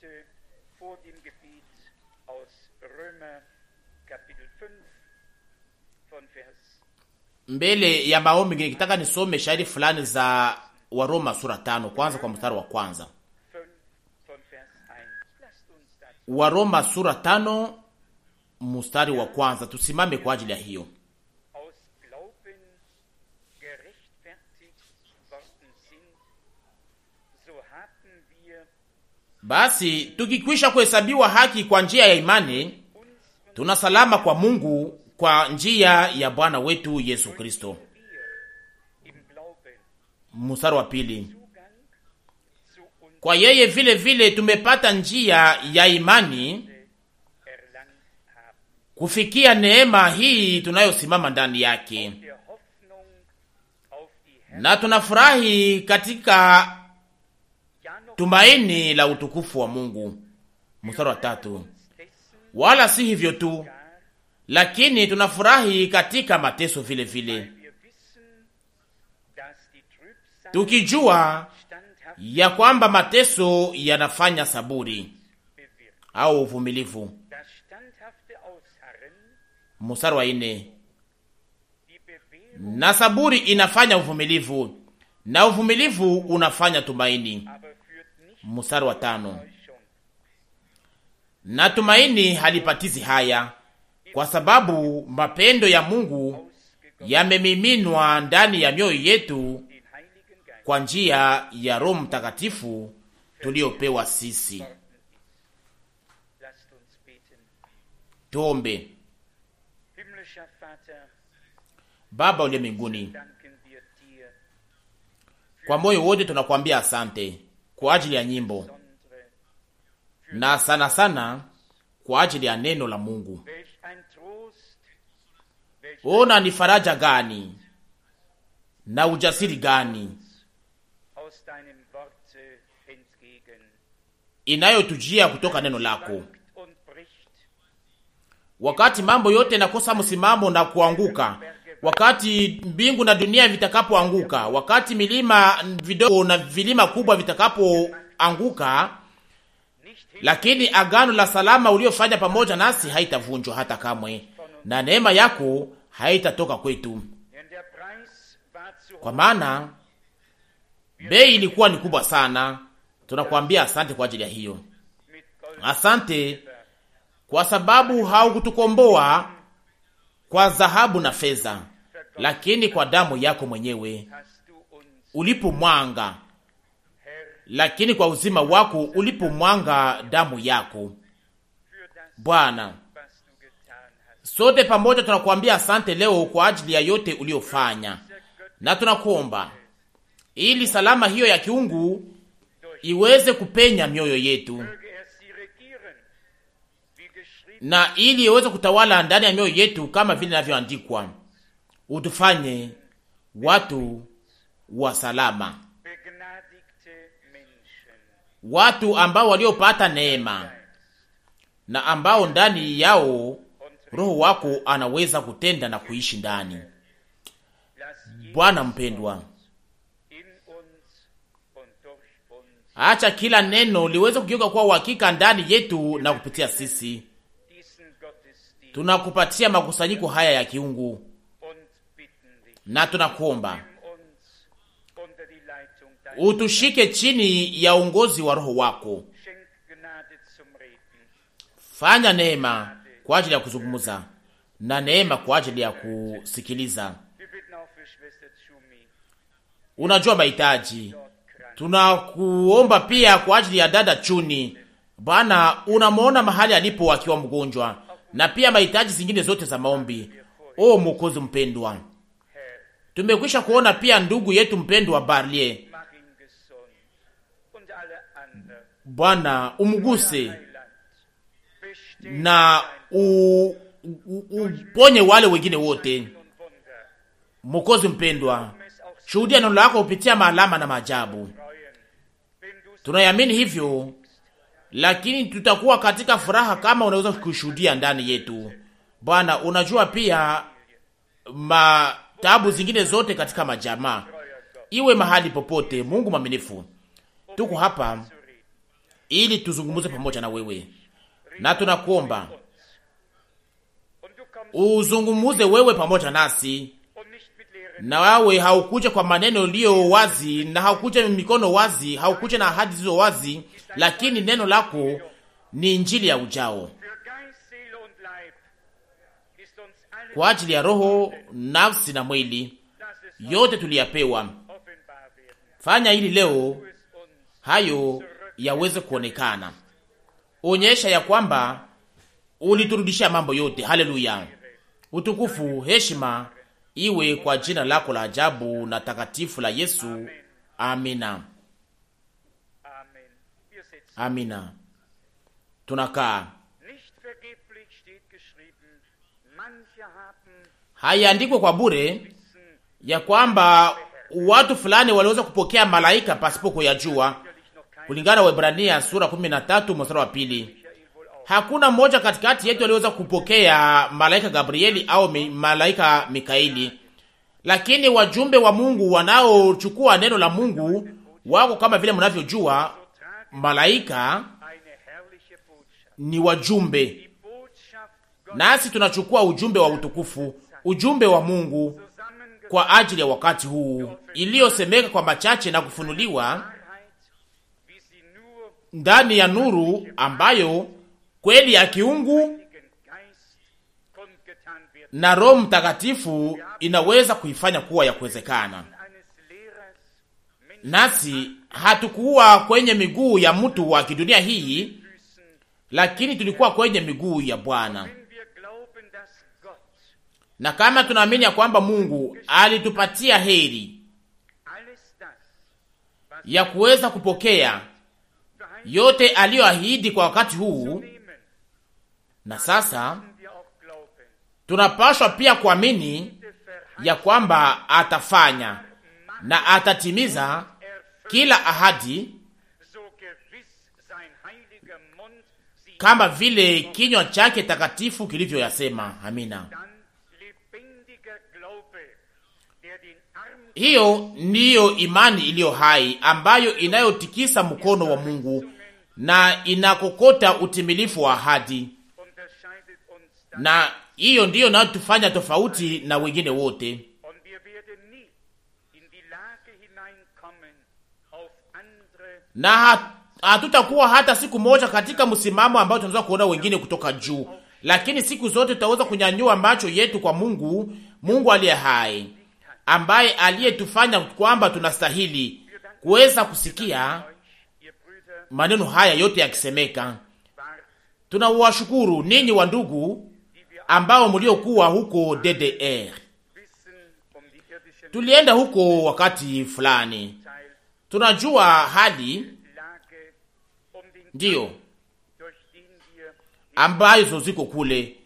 Geschichte vor dem Gebiet aus Römer Kapitel 5 von Vers. Mbele ya maombi nikitaka nisome shairi fulani za wa Roma sura tano kwanza kwa mstari wa kwanza. Wa Roma sura tano mstari wa kwanza, tusimame kwa ajili ya hiyo. Basi tukikwisha kuhesabiwa haki kwa njia ya imani, tuna salama kwa Mungu kwa njia ya Bwana wetu Yesu Kristo. Mstari wa pili. Kwa yeye vile vile tumepata njia ya imani kufikia neema hii tunayosimama ndani yake, na tunafurahi katika tumaini la utukufu wa Mungu. Mstari wa tatu, wala si hivyo tu, lakini tunafurahi katika mateso vile vile, tukijua ya kwamba mateso yanafanya saburi au uvumilivu. Mstari wa ine, na saburi inafanya uvumilivu, na uvumilivu unafanya tumaini mstari wa tano. Natumaini halipatizi haya, kwa sababu mapendo ya Mungu yamemiminwa ndani ya mioyo yetu kwa njia ya Roho Mtakatifu tuliyopewa sisi. Tuombe. Baba uliye mbinguni, kwa moyo wote tunakwambia asante kwa ajili ya nyimbo na sana sana kwa ajili ya neno la Mungu. Ona ni faraja gani na ujasiri gani inayotujia kutoka neno lako, wakati mambo yote nakosa msimamo na kuanguka wakati mbingu na dunia vitakapoanguka, wakati milima vidogo na vilima kubwa vitakapoanguka, lakini agano la salama uliofanya pamoja nasi haitavunjwa hata kamwe, na neema yako haitatoka kwetu, kwa maana bei ilikuwa ni kubwa sana. Tunakuambia asante kwa ajili ya hiyo, asante kwa sababu haukutukomboa kwa dhahabu na fedha, lakini kwa damu yako mwenyewe ulipomwanga, lakini kwa uzima wako ulipomwanga damu yako. Bwana, sote pamoja tunakuambia asante leo kwa ajili ya yote uliyofanya, na tunakuomba ili salama hiyo ya kiungu iweze kupenya mioyo yetu na ili iweze kutawala ndani ya mioyo yetu kama vile inavyoandikwa utufanye watu wa salama, watu ambao waliopata neema na ambao ndani yao Roho wako anaweza kutenda na kuishi ndani. Bwana mpendwa, acha kila neno liweze kugeuka kuwa uhakika ndani yetu na kupitia sisi. Tunakupatia makusanyiko haya ya kiungu na tunakuomba utushike chini ya uongozi wa Roho wako. Fanya neema kwa ajili ya kuzungumza na neema kwa ajili ya kusikiliza. Unajua mahitaji, tunakuomba pia kwa ajili ya dada Chuni. Bwana, unamwona mahali alipo akiwa mgonjwa, na pia mahitaji zingine zote za maombi. O Mwokozi mpendwa Tumekwisha kuona pia ndugu yetu mpendwa Barlier, Bwana umguse na u, u, uponye wale wengine wote. Mokozi mpendwa, shuhudia neno lako kupitia maalama na maajabu. Tunayamini hivyo, lakini tutakuwa katika furaha kama unaweza kushuhudia ndani yetu. Bwana, unajua pia ma tabu zingine zote katika majamaa, iwe mahali popote. Mungu mwaminifu, tuko hapa ili tuzungumze pamoja na wewe, na tunakuomba uzungumuze wewe pamoja nasi, na wawe haukuja kwa maneno iliyo wazi na haukuja mikono wazi, haukuja na ahadi zilizo wazi, lakini neno lako ni injili ya ujao kwa ajili ya roho, nafsi na mwili, yote tuliyapewa. Fanya hili leo, hayo yaweze kuonekana, onyesha ya kwamba uliturudishia mambo yote. Haleluya! Utukufu, heshima iwe kwa jina lako la ajabu na takatifu la Yesu. Amina, amina. Tunakaa. haiandikwe kwa bure ya kwamba watu fulani waliweza kupokea malaika pasipo kuyajua, kulingana na Waebrania sura 13 mstari wa pili. Hakuna mmoja katikati yetu aliweza kupokea malaika Gabrieli au mi, malaika Mikaeli, lakini wajumbe wa Mungu wanaochukua neno la Mungu wako kama vile mnavyojua, malaika ni wajumbe, nasi tunachukua ujumbe wa utukufu ujumbe wa Mungu kwa ajili ya wakati huu iliyosemeka kwa machache na kufunuliwa ndani ya nuru ambayo kweli ya kiungu na Roho Mtakatifu inaweza kuifanya kuwa ya kuwezekana. Nasi hatukuwa kwenye miguu ya mtu wa kidunia hii, lakini tulikuwa kwenye miguu ya Bwana na kama tunaamini ya kwamba Mungu alitupatia heri ya kuweza kupokea yote aliyoahidi kwa wakati huu, na sasa tunapashwa pia kuamini ya kwamba atafanya na atatimiza kila ahadi kama vile kinywa chake takatifu kilivyoyasema. Amina. Hiyo ndiyo imani iliyo hai ambayo inayotikisa mkono wa Mungu na inakokota utimilifu wa ahadi, na hiyo ndiyo inayotufanya tofauti na wengine wote. Na hatutakuwa hata siku moja katika msimamo ambao tunaweza kuona wengine kutoka juu, lakini siku zote tutaweza kunyanyua macho yetu kwa Mungu, Mungu aliye hai ambaye aliyetufanya kwamba tunastahili kuweza kusikia maneno haya yote yakisemeka. Tunawashukuru ninyi wa ndugu ambao mliokuwa huko DDR. Tulienda huko wakati fulani, tunajua hali ndiyo ambazo ziko kule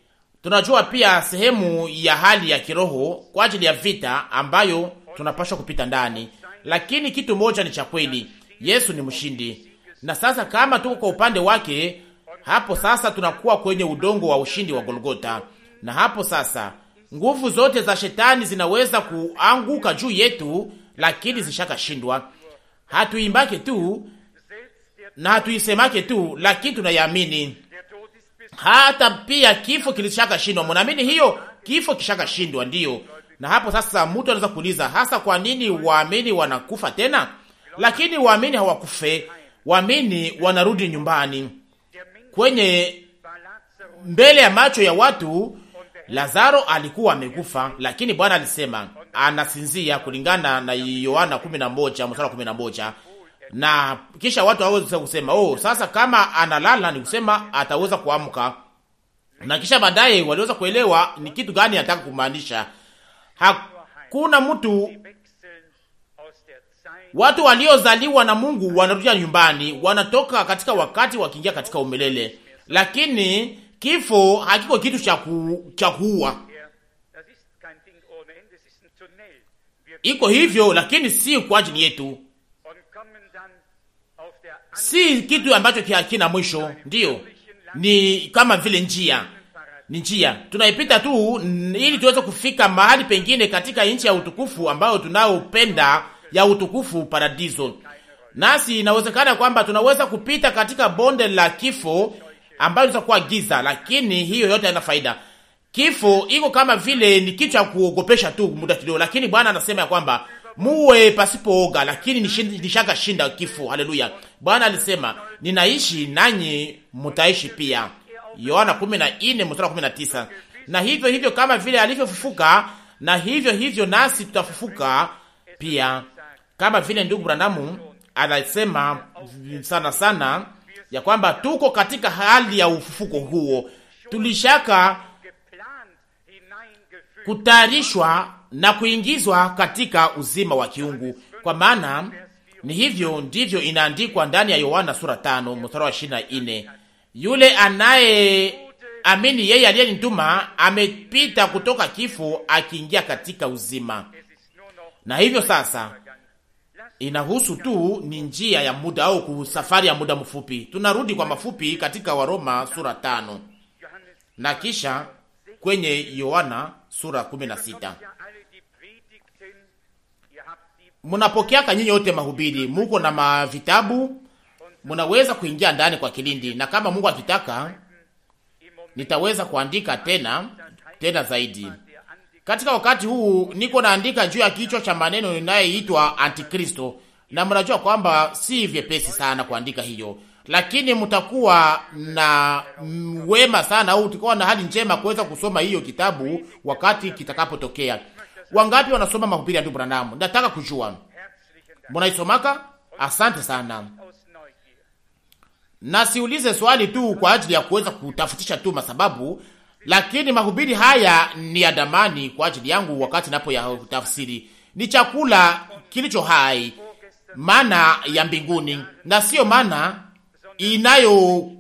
tunajua pia sehemu ya hali ya kiroho kwa ajili ya vita ambayo tunapashwa kupita ndani, lakini kitu moja ni cha kweli, Yesu ni mshindi. Na sasa kama tuko kwa upande wake, hapo sasa tunakuwa kwenye udongo wa ushindi wa Golgota, na hapo sasa nguvu zote za shetani zinaweza kuanguka juu yetu, lakini zishakashindwa. Hatuimbake tu na hatuisemake tu, lakini tunayamini hata pia kifo kilishakashindwa. Mnaamini hiyo? Kifo kishakashindwa, ndiyo. Na hapo sasa mtu anaweza kuuliza hasa kwa nini waamini wanakufa tena? Lakini waamini hawakufe, waamini wanarudi nyumbani kwenye mbele ya macho ya watu. Lazaro alikuwa amekufa, lakini Bwana alisema anasinzia, kulingana na Yohana 11 mstari wa 11 na kisha watu hawawezi kusema oh, sasa kama analala ni kusema ataweza kuamka, na kisha baadaye waliweza kuelewa ni kitu gani anataka kumaanisha. Hakuna mtu, watu waliozaliwa na Mungu wanarudia nyumbani, wanatoka katika wakati wakiingia katika umelele, lakini kifo hakiko kitu cha kuua iko hivyo, lakini si kwa ajili yetu si kitu ambacho hakina mwisho. Ndiyo, ni kama vile njia, ni njia tunaipita tu ili tuweze kufika mahali pengine katika nchi ya utukufu ambayo tunaopenda ya utukufu, paradiso. Nasi inawezekana kwamba tunaweza kupita katika bonde la kifo ambayo inaweza giza, lakini hiyo yote haina faida. Kifo iko kama vile ni kitu cha kuogopesha tu muda kidogo, lakini Bwana anasema ya kwamba muwe pasipooga, lakini nishaka shinda kifo. Haleluya! Bwana alisema ninaishi nanyi mutaishi pia, Yohana 14:19. Na hivyo hivyo kama vile alivyofufuka, na hivyo hivyo nasi tutafufuka pia, kama vile ndugu branamu anasema sana sana ya kwamba tuko katika hali ya ufufuko huo, tulishaka kutayarishwa na kuingizwa katika uzima wa kiungu, kwa maana ni hivyo ndivyo inaandikwa ndani ya Yohana sura tano mstari wa ishirini na nne yule anaye amini yeye aliyenituma amepita kutoka kifo akiingia katika uzima. Na hivyo sasa inahusu tu ni njia ya muda au kusafari ya muda mfupi. Tunarudi kwa mafupi katika Waroma sura tano na kisha kwenye Yohana sura kumi na sita munapokeaka nyinyi yote mahubiri, muko na mavitabu, munaweza kuingia ndani kwa kilindi, na kama Mungu akitaka nitaweza kuandika tena tena zaidi. Katika wakati huu niko naandika juu ya kichwa cha maneno inayoitwa Antikristo, na mnajua kwamba si vyepesi sana kuandika hiyo, lakini mtakuwa na wema sana au utakuwa na hali njema kuweza kusoma hiyo kitabu wakati kitakapotokea. Wangapi wanasoma mahubiri ya ndugu Branham? Nataka kujua munaisomaka. Asante sana, na siulize swali tu kwa ajili ya kuweza kutafutisha tu masababu, lakini mahubiri haya ni ya damani kwa ajili yangu wakati napo ya tafsiri. Ni chakula kilicho hai, mana ya mbinguni na sio mana inayo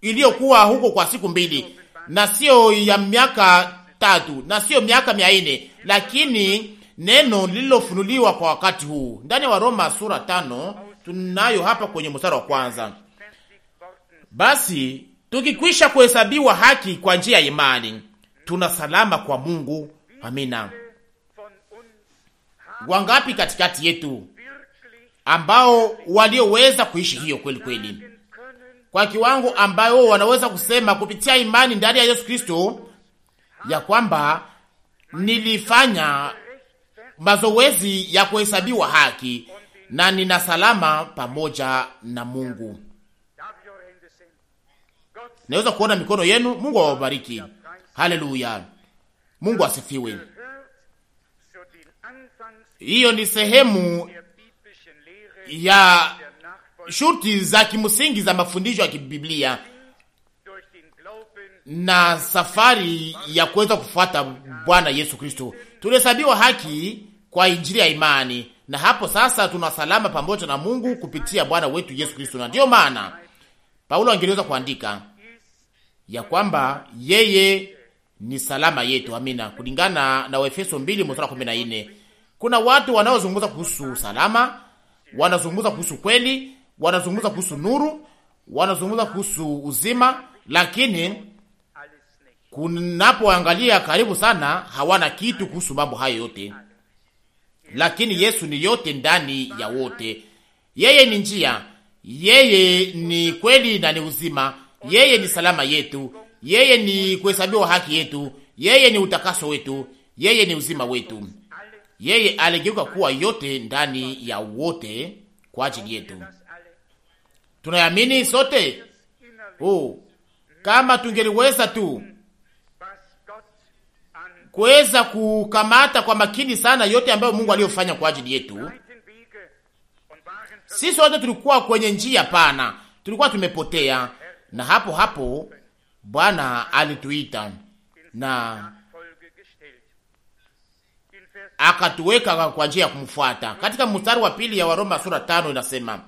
iliyokuwa huko kwa siku mbili na sio ya miaka tatu na sio miaka mia nne, lakini neno lililofunuliwa kwa wakati huu ndani ya Waroma sura tano tunayo hapa kwenye mstari wa kwanza: basi tukikwisha kuhesabiwa haki kwa njia ya imani tuna salama kwa Mungu. Amina. Wangapi katikati yetu ambao walioweza kuishi hiyo kweli kweli kwa kiwango ambayo wanaweza kusema kupitia imani ndani ya Yesu Kristo ya kwamba nilifanya mazoezi ya kuhesabiwa haki na nina salama pamoja na Mungu. Naweza kuona mikono yenu. Mungu awabariki. Haleluya, Mungu asifiwe. Hiyo ni sehemu ya shuti za kimsingi za mafundisho ya kibiblia na safari ya kuweza kufuata Bwana Yesu Kristo. Tulihesabiwa haki kwa injili ya imani, na hapo sasa tuna salama pamoja na Mungu kupitia Bwana wetu Yesu Kristo. Na ndiyo maana Paulo angeliweza kuandika ya kwamba yeye ni salama yetu. Amina, kulingana na Waefeso 2:14. Kuna watu wanaozungumza kuhusu salama, wanazungumza kuhusu kweli, wanazungumza kuhusu nuru, wanazungumza kuhusu uzima, lakini kunapoangalia karibu sana, hawana kitu kuhusu mambo hayo yote, lakini Yesu ni yote ndani ya wote. Yeye ni njia, yeye ni kweli na ni uzima, yeye ni salama yetu, yeye ni kuhesabiwa haki yetu, yeye ni utakaso wetu, yeye ni uzima wetu. Yeye aligeuka kuwa yote ndani ya wote kwa ajili yetu. Tunayamini sote. Oh, kama tungeliweza tu kuweza kukamata kwa makini sana yote ambayo Mungu aliyofanya kwa ajili yetu. Sisi wote tulikuwa kwenye njia pana, tulikuwa tumepotea, na hapo hapo Bwana alituita na akatuweka kwa njia ya kumfuata. Katika mstari wa pili ya Waroma sura tano inasema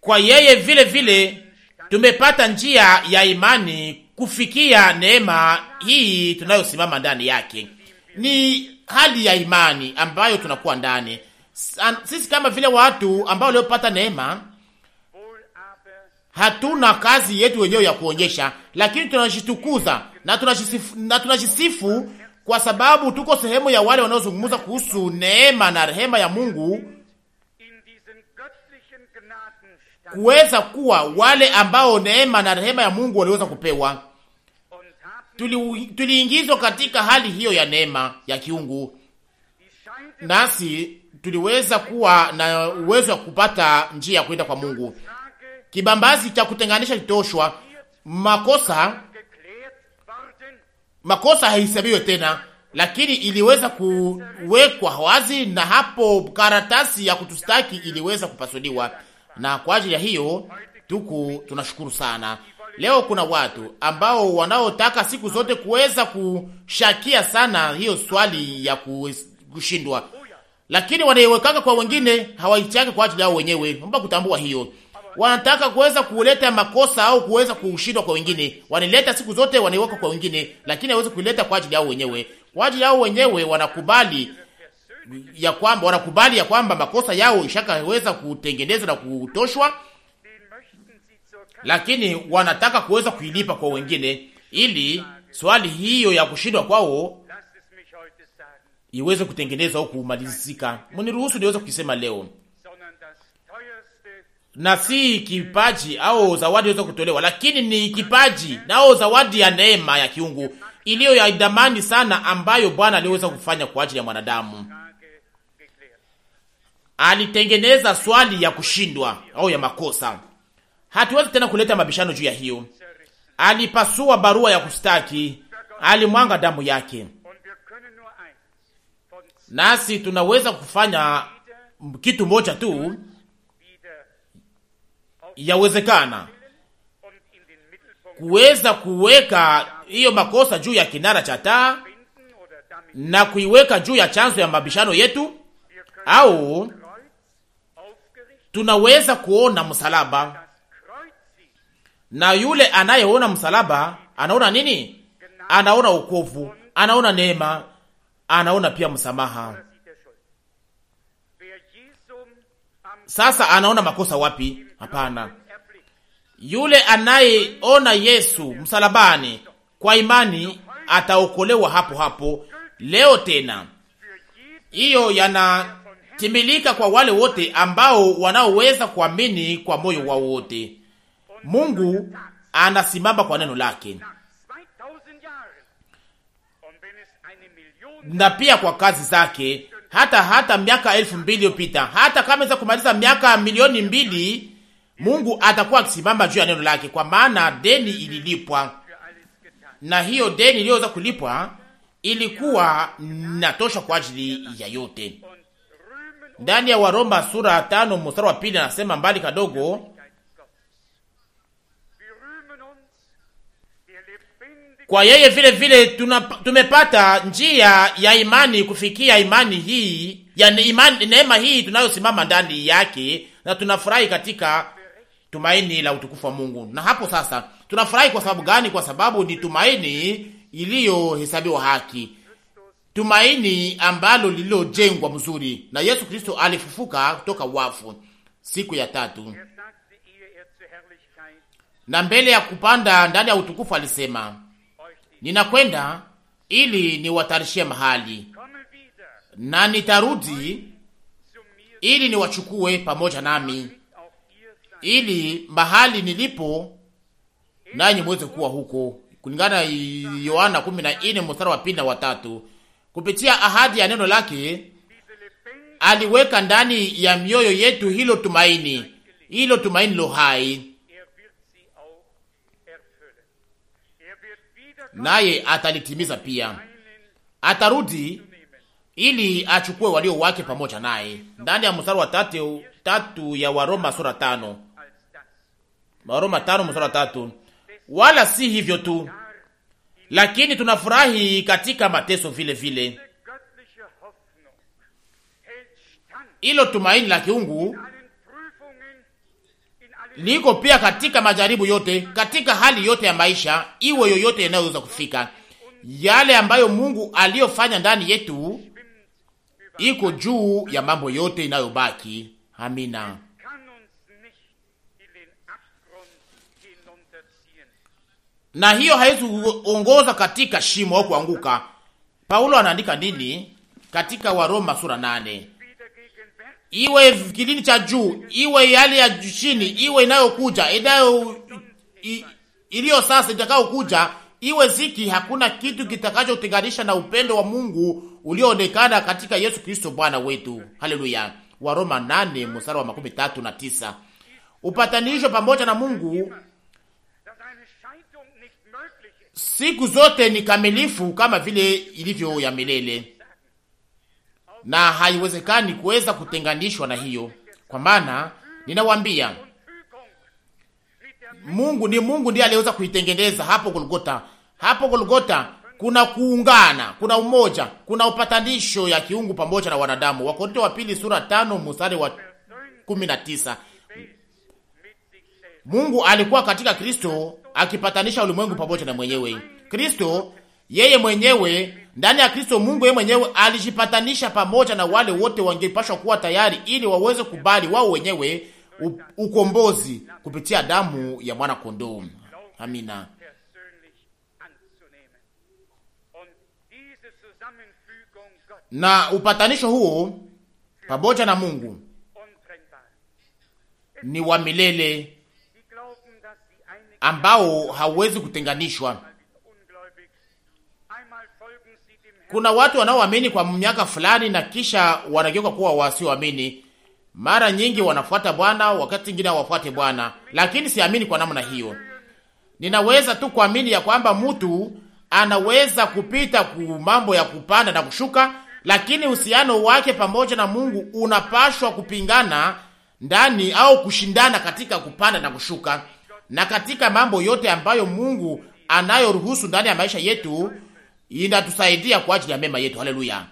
kwa yeye vile vile tumepata njia ya imani kufikia neema hii tunayosimama ndani yake. Ni hali ya imani ambayo tunakuwa ndani sisi, kama vile watu ambao waliopata neema. Hatuna kazi yetu wenyewe ya kuonyesha, lakini tunajitukuza na tunajisifu, na tunajisifu kwa sababu tuko sehemu ya wale wanaozungumza kuhusu neema na rehema ya Mungu kuweza kuwa wale ambao neema na rehema ya Mungu waliweza kupewa tuliingizwa tuli katika hali hiyo ya neema ya kiungu, nasi tuliweza kuwa na uwezo wa kupata njia ya kwenda kwa Mungu. Kibambazi cha kutenganisha kitoshwa, makosa makosa haihesabiwe tena, lakini iliweza kuwekwa wazi, na hapo karatasi ya kutustaki iliweza kupasuliwa, na kwa ajili ya hiyo tuku tunashukuru sana. Leo kuna watu ambao wanaotaka siku zote kuweza kushakia sana hiyo swali ya kushindwa, lakini wanaiwekaka kwa wengine, hawaichake kwa ajili yao wenyewe. Naomba kutambua hiyo wanataka kuweza kuleta makosa au kuweza kushindwa kwa wengine, wanileta siku zote wanaiweka kwa wengine, lakini hawezi kuileta kwa ajili yao wenyewe. Kwa ajili yao wenyewe wanakubali ya kwamba wanakubali ya kwamba makosa yao ishakaweza kutengenezwa na kutoshwa lakini wanataka kuweza kuilipa kwa wengine, ili swali hiyo ya kushindwa kwao iweze kutengeneza au kumalizika. Mniruhusu niweze kusema leo, na si kipaji au zawadi iweze kutolewa, lakini ni kipaji nao zawadi ya neema ya kiungu iliyo ya damani sana, ambayo Bwana aliweza kufanya kwa ajili ya mwanadamu. Alitengeneza swali ya kushindwa au ya makosa Hatuwezi tena kuleta mabishano juu ya hiyo. Alipasua barua ya kustaki, alimwanga damu yake, nasi tunaweza kufanya kitu moja tu, yawezekana kuweza kuweka hiyo makosa juu ya kinara cha taa na kuiweka juu ya chanzo ya mabishano yetu, au tunaweza kuona msalaba na yule anayeona msalaba anaona nini? Anaona ukovu anaona neema, anaona pia msamaha. Sasa anaona makosa wapi? Hapana, yule anayeona Yesu msalabani kwa imani ataokolewa hapo hapo leo tena. Hiyo yanatimilika kwa wale wote ambao wanaoweza kuamini kwa moyo wao wote. Mungu anasimama kwa neno lake na pia kwa kazi zake, hata hata miaka elfu mbili iliyopita, hata kama iza kumaliza miaka milioni mbili, Mungu atakuwa akisimama juu ya neno lake, kwa maana deni ililipwa, na hiyo deni iliyoweza kulipwa ilikuwa natosha kwa ajili ya yote. Ndani ya Waroma sura tano mstari wa pili anasema mbali kadogo Kwa yeye vile vile tuna, tumepata njia ya imani kufikia imani hii yani imani, neema hii tunayosimama ndani yake, na tunafurahi katika tumaini la utukufu wa Mungu. Na hapo sasa tunafurahi kwa sababu gani? Kwa sababu ni tumaini iliyohesabiwa haki, tumaini ambalo lililojengwa mzuri, na Yesu Kristo alifufuka kutoka wafu siku ya tatu, na mbele ya kupanda ndani ya utukufu alisema ninakwenda ili niwatarishie mahali, na nitarudi ili niwachukue pamoja nami, ili mahali nilipo nanyi mweze kuwa huko, kulingana Yohana 14 mstari wa pili na watatu. Kupitia ahadi ya neno lake aliweka ndani ya mioyo yetu hilo tumaini, hilo tumaini lohai naye atalitimiza pia. Atarudi ili achukue walio wake pamoja naye, ndani ya mstari wa tatu, tatu ya Waroma sura tano, Waroma tano mstari wa tatu. Wala si hivyo tu, lakini tunafurahi katika mateso vile vile. Ilo tumaini la kiungu liko pia katika majaribu yote, katika hali yote ya maisha, iwe yoyote inayoweza kufika. Yale ambayo Mungu aliyofanya ndani yetu iko juu ya mambo yote inayobaki. Amina. Na hiyo haiwezi kuongoza katika shimo au kuanguka. Paulo anaandika nini katika Waroma sura nane? iwe kilini cha juu, iwe yale ya chini, iwe inayokuja inayo iliyo sasa itakayokuja, iwe ziki, hakuna kitu kitakachotenganisha na upendo wa Mungu ulioonekana katika Yesu Kristo Bwana wetu. Haleluya. Waroma nane mstari wa makumi tatu na tisa. Upatanisho pamoja na Mungu siku zote ni kamilifu kama vile ilivyo ya milele na haiwezekani kuweza kutenganishwa na hiyo, kwa maana ninawaambia Mungu ni Mungu ndiye aliweza kuitengeneza hapo Golgota. Hapo Golgota kuna kuungana, kuna umoja, kuna upatanisho ya kiungu pamoja na wanadamu. Wakorintho wa pili sura tano mstari wa 19. Mungu alikuwa katika Kristo akipatanisha ulimwengu pamoja na mwenyewe. Kristo yeye mwenyewe ndani ya Kristo Mungu yeye mwenyewe alijipatanisha pamoja na wale wote wangepashwa kuwa tayari ili waweze kubali wao wenyewe ukombozi kupitia damu ya mwana kondoo. Amina. Na upatanisho huo pamoja na Mungu ni wa milele ambao hauwezi kutenganishwa. Kuna watu wanaoamini kwa miaka fulani na kisha wanageuka kuwa wasioamini. Mara nyingi wanafuata Bwana, wakati mwingine hawafuate Bwana, lakini siamini kwa namna hiyo. Ninaweza tu kuamini ya kwamba mtu anaweza kupita ku mambo ya kupanda na kushuka, lakini uhusiano wake pamoja na Mungu unapashwa kupingana ndani au kushindana katika kupanda na kushuka na katika mambo yote ambayo Mungu anayoruhusu ndani ya maisha yetu inatusaidia kwa ajili ya mema yetu. Haleluya!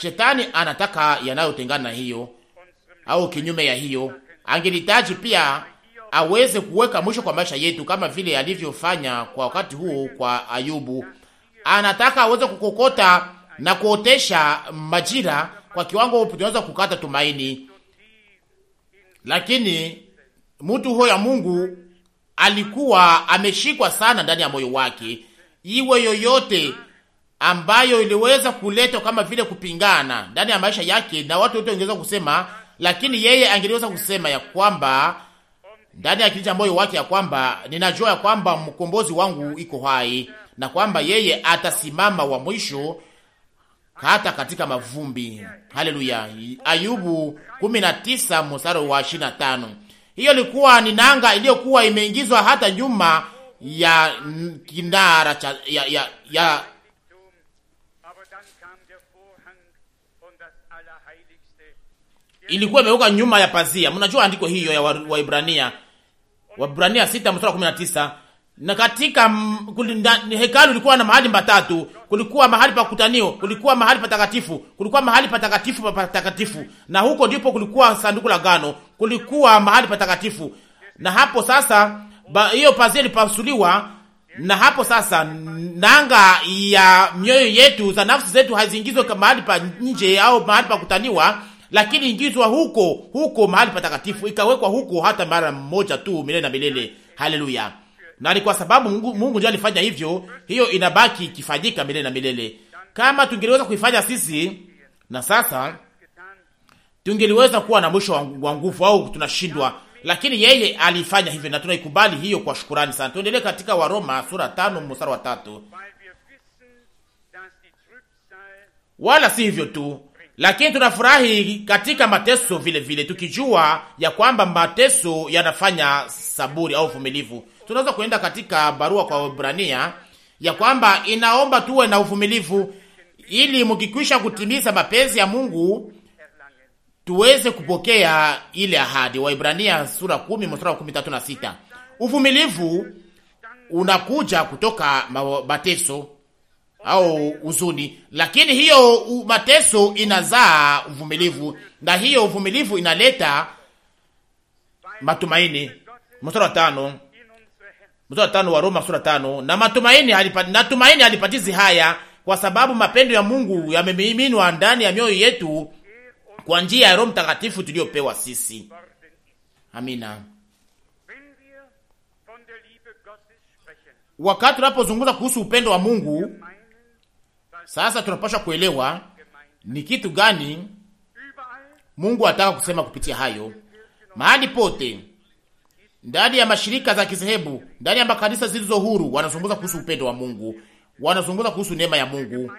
Shetani anataka yanayotengana na hiyo au kinyume ya hiyo. Angelihitaji pia aweze kuweka mwisho kwa maisha yetu kama vile alivyofanya kwa wakati huo kwa Ayubu. Anataka aweze kukokota na kuotesha majira kwa kiwango tunaweza kukata tumaini, lakini mtu huyo ya Mungu alikuwa ameshikwa sana ndani ya moyo wake, iwe yoyote ambayo iliweza kuletwa kama vile kupingana ndani ya maisha yake, na watu wote wangeweza kusema, lakini yeye angeliweza kusema ya kwamba ndani ya kiti cha moyo wake ya kwamba ninajua ya kwamba mkombozi wangu iko hai na kwamba yeye atasimama wa mwisho hata katika mavumbi. Haleluya. Ayubu 19 mstari wa 25. Hiyo ilikuwa ni nanga iliyokuwa imeingizwa hata nyuma ya kinara cha ya, ya, ya ilikuwa imewekwa nyuma ya pazia. Mnajua andiko hiyo ya Waibrania, Waibrania 6 mstari 19. Na katika hekalu ilikuwa na mahali matatu, kulikuwa mahali pa kutanio, kulikuwa mahali patakatifu, kulikuwa mahali patakatifu pa patakatifu, na huko ndipo kulikuwa sanduku la gano, kulikuwa mahali patakatifu. Na hapo sasa hiyo pazia ilipasuliwa, na hapo sasa nanga ya mioyo yetu za nafsi zetu haziingizwe mahali pa nje au mahali pa kutaniwa lakini ingizwa huko huko mahali patakatifu, ikawekwa huko hata mara moja tu milele na milele. Haleluya! Na ni kwa sababu Mungu, Mungu ndiye alifanya hivyo, hiyo inabaki ikifanyika milele na milele. Kama tungeliweza kuifanya sisi na sasa, tungeliweza kuwa na mwisho wa nguvu au tunashindwa, lakini yeye alifanya hivyo na tunaikubali hiyo kwa shukurani sana. Tuendelee katika Waroma sura tano mstari wa tatu. Wala si hivyo tu lakini tunafurahi katika mateso vile vile, tukijua ya kwamba mateso yanafanya saburi au uvumilivu. Tunaweza kuenda katika barua kwa Waebrania ya kwamba inaomba tuwe na uvumilivu, ili mkikwisha kutimiza mapenzi ya Mungu tuweze kupokea ile ahadi. Waibrania sura 10 mstari wa 13 na 6. Uvumilivu unakuja kutoka mateso au huzuni, lakini hiyo mateso inazaa uvumilivu na hiyo uvumilivu inaleta matumaini. Mstari wa tano, mstari wa tano wa Roma sura tano. Na matumaini halipati, na tumaini halipatizi haya, kwa sababu mapendo ya Mungu yamemiminwa ndani ya mioyo yetu kwa njia ya Roho Mtakatifu tuliyopewa sisi. Amina. Wakati tunapozungumza kuhusu upendo wa Mungu sasa tunapaswa kuelewa ni kitu gani Mungu anataka kusema kupitia hayo. Mahali pote ndani ya mashirika za kizehebu, ndani ya makanisa zilizo huru, wanazungumza kuhusu upendo wa Mungu, wanazungumza kuhusu neema ya Mungu,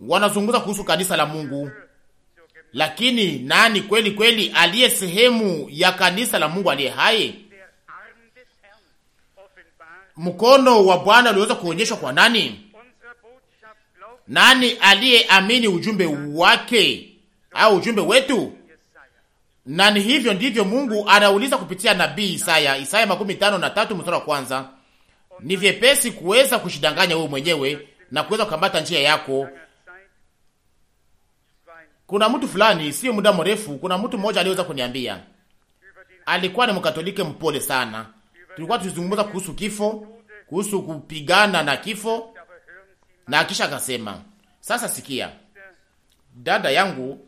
wanazungumza kuhusu kanisa la Mungu. Lakini nani kweli kweli aliye sehemu ya kanisa la Mungu aliye hai? Mkono wa Bwana uliweza kuonyeshwa kwa nani? Nani aliyeamini ujumbe wake au ujumbe wetu? Na ni hivyo ndivyo Mungu anauliza kupitia nabii Isaya, Isaya makumi tano na tatu mstari wa kwanza. Ni vyepesi kuweza kushidanganya wewe mwenyewe na kuweza kukambata njia yako. Kuna mtu fulani, sio muda mrefu, kuna mtu mmoja aliweza kuniambia, alikuwa ni mkatolike mpole sana. Tulikuwa tuzungumza kuhusu kifo, kuhusu kupigana na kifo na kisha akasema, sasa sikia dada yangu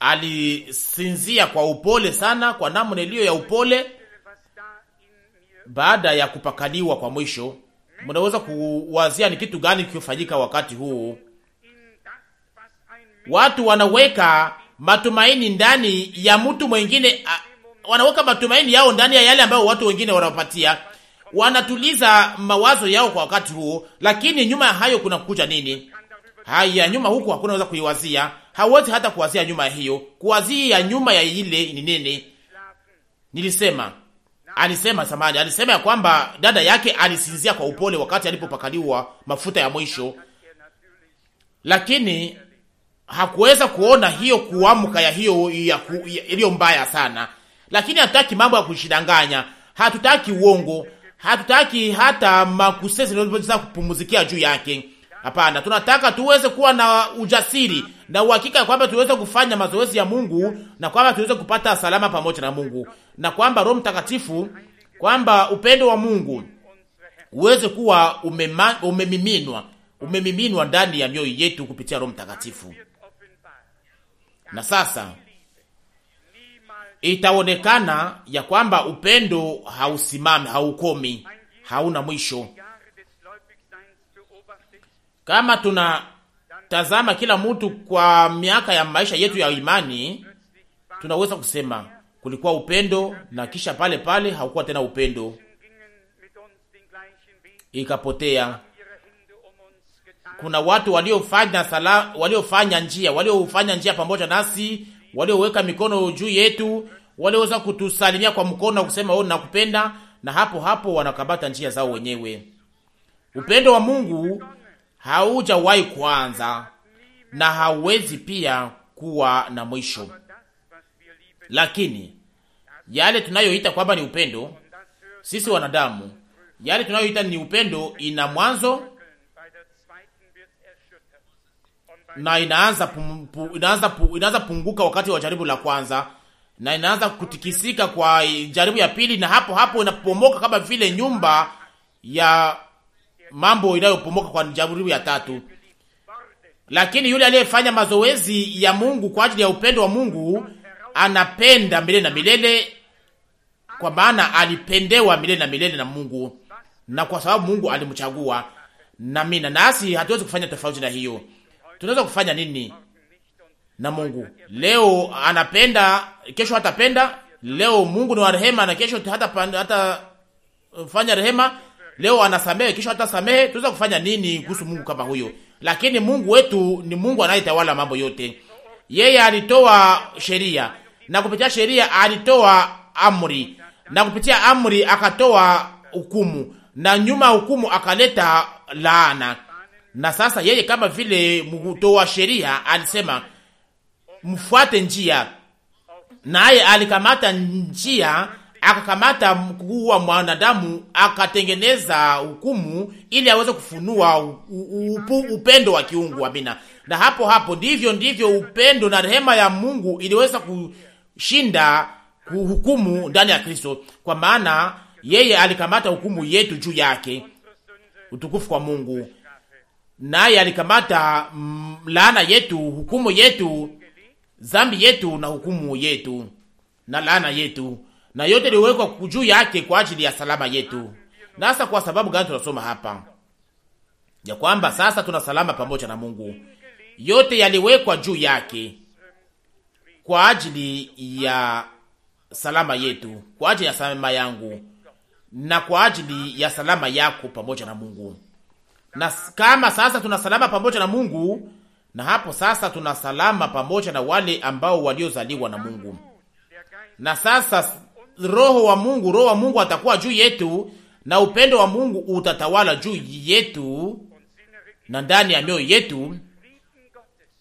alisinzia kwa upole sana, kwa namna iliyo ya upole, baada ya kupakaliwa kwa mwisho. Mnaweza kuwazia ni kitu gani kilichofanyika wakati huu? Watu wanaweka matumaini ndani ya mtu mwingine, wanaweka matumaini yao ndani ya yale ambayo watu wengine wanawapatia wanatuliza mawazo yao kwa wakati huo, lakini nyuma ya hayo kuna kukuja nini? Haya, nyuma huku hakuna weza kuiwazia, hawezi hata kuwazia nyuma ya hiyo. Kuwazia nyuma ya ile ni nini? Nilisema alisema samani, alisema ya kwamba dada yake alisinzia kwa upole wakati alipopakaliwa mafuta ya mwisho, lakini hakuweza kuona hiyo kuamka ya hiyo ya ya, ku, iliyo mbaya sana, lakini hatutaki mambo ya kushidanganya, hatutaki uongo, hatutaki hata makusesi tunaweza kupumuzikia juu yake. Hapana, tunataka tuweze kuwa na ujasiri na uhakika kwamba tuweze kufanya mazoezi ya Mungu na kwamba tuweze kupata salama pamoja na Mungu na kwamba Roho Mtakatifu, kwamba upendo wa Mungu uweze kuwa umema, umemiminwa umemiminwa ndani ya mioyo yetu kupitia Roho Mtakatifu. Na sasa itaonekana ya kwamba upendo hausimami, haukomi, hauna mwisho. Kama tunatazama kila mtu kwa miaka ya maisha yetu ya imani, tunaweza kusema kulikuwa upendo na kisha pale pale haukuwa tena upendo, ikapotea. Kuna watu waliofanya sala, waliofanya njia, waliofanya njia pamoja nasi walioweka mikono juu yetu, walioweza kutusalimia kwa mkono na kusema oh, nakupenda, na hapo hapo wanakabata njia zao wenyewe. Upendo wa Mungu haujawahi kwanza na hauwezi pia kuwa na mwisho, lakini yale tunayoita kwamba ni upendo, sisi wanadamu, yale tunayoita ni upendo, ina mwanzo na inaanza pum, pu, inaanza pu, inaanza punguka wakati wa jaribu la kwanza, na inaanza kutikisika kwa jaribu ya pili, na hapo hapo inapomoka kama vile nyumba ya mambo inayopomoka kwa jaribu ya tatu. Lakini yule aliyefanya mazoezi ya Mungu kwa ajili ya upendo wa Mungu anapenda milele na milele, kwa maana alipendewa milele na milele na Mungu, na kwa sababu Mungu alimchagua. Na mimi na nasi hatuwezi kufanya tofauti na hiyo tunaweza kufanya nini na Mungu? Leo anapenda, kesho hatapenda. Leo Mungu ni wa rehema na kesho hata hata fanya rehema. Leo anasamehe, kesho hatasamehe. Tunaweza kufanya nini kuhusu Mungu kama huyo? Lakini Mungu wetu ni Mungu anayetawala mambo yote. Yeye alitoa sheria na kupitia sheria alitoa amri na kupitia amri akatoa hukumu na nyuma hukumu akaleta laana. Na sasa yeye kama vile mtoa sheria alisema mfuate njia, naye alikamata njia, akakamata kuwa mwanadamu, akatengeneza hukumu ili aweze kufunua upu, upendo wa kiungu. Amina. Na hapo hapo ndivyo ndivyo upendo na rehema ya Mungu iliweza kushinda hukumu ndani ya Kristo, kwa maana yeye alikamata hukumu yetu juu yake. Utukufu kwa Mungu naye alikamata mm, laana yetu, hukumu yetu, zambi yetu na hukumu yetu na laana yetu, na yote iliwekwa juu yake kwa ajili ya salama yetu. Na sasa kwa sababu gani tunasoma hapa ya kwamba sasa tuna salama pamoja na Mungu? Yote yaliwekwa juu yake kwa ajili ya salama yetu, kwa ajili ya salama yangu na kwa ajili ya salama yako pamoja na Mungu na kama sasa tuna salama pamoja na Mungu, na hapo sasa tuna salama pamoja na wale ambao waliozaliwa na Mungu. Na sasa roho wa Mungu, roho wa Mungu atakuwa juu yetu na upendo wa Mungu utatawala juu yetu na ndani ya mioyo yetu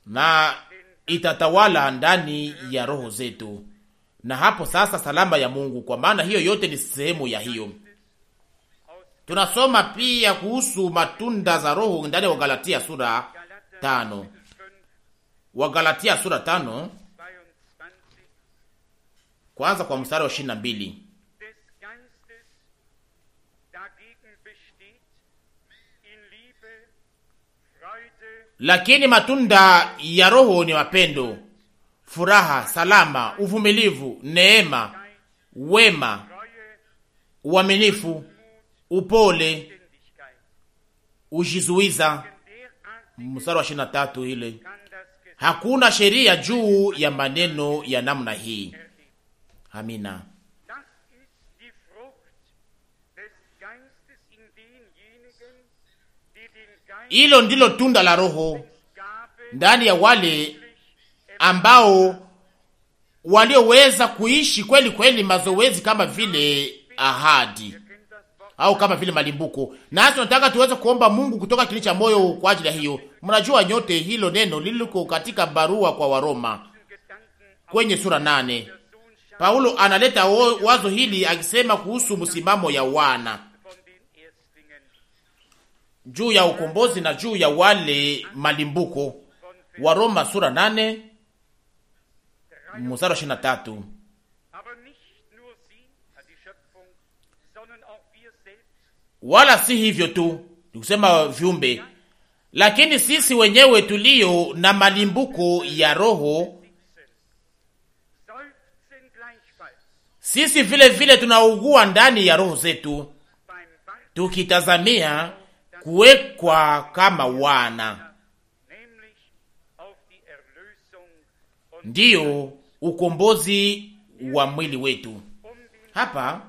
na itatawala ndani ya roho zetu, na hapo sasa salama ya Mungu, kwa maana hiyo yote ni sehemu ya hiyo Tunasoma pia kuhusu matunda za Roho ndani ya Wagalatia sura tano. Wagalatia sura tano kwanza kwa mstari wa ishirini na mbili lakini matunda ya Roho ni mapendo, furaha, salama, uvumilivu, neema, wema, uaminifu, upole, ujizuiza. Mstari wa ishirini na tatu ile, hakuna sheria juu ya maneno ya namna hii. Amina. Hilo ndilo tunda la Roho ndani ya wale ambao walioweza kuishi kweli kweli mazoezi kama vile ahadi au kama vile malimbuko. Nasi tunataka tuweze kuomba Mungu kutoka kilicho cha moyo kwa ajili ya hiyo. Mnajua nyote hilo neno liliko katika barua kwa Waroma kwenye sura nane. Paulo analeta wazo hili akisema kuhusu msimamo ya wana juu ya ukombozi na juu ya wale malimbuko. Waroma sura nane mstari wa ishirini na tatu. wala si hivyo tu, ni kusema viumbe, lakini sisi wenyewe tulio na malimbuko ya roho, sisi vile vile tunaugua ndani ya roho zetu, tukitazamia kuwekwa kama wana, ndiyo ukombozi wa mwili wetu hapa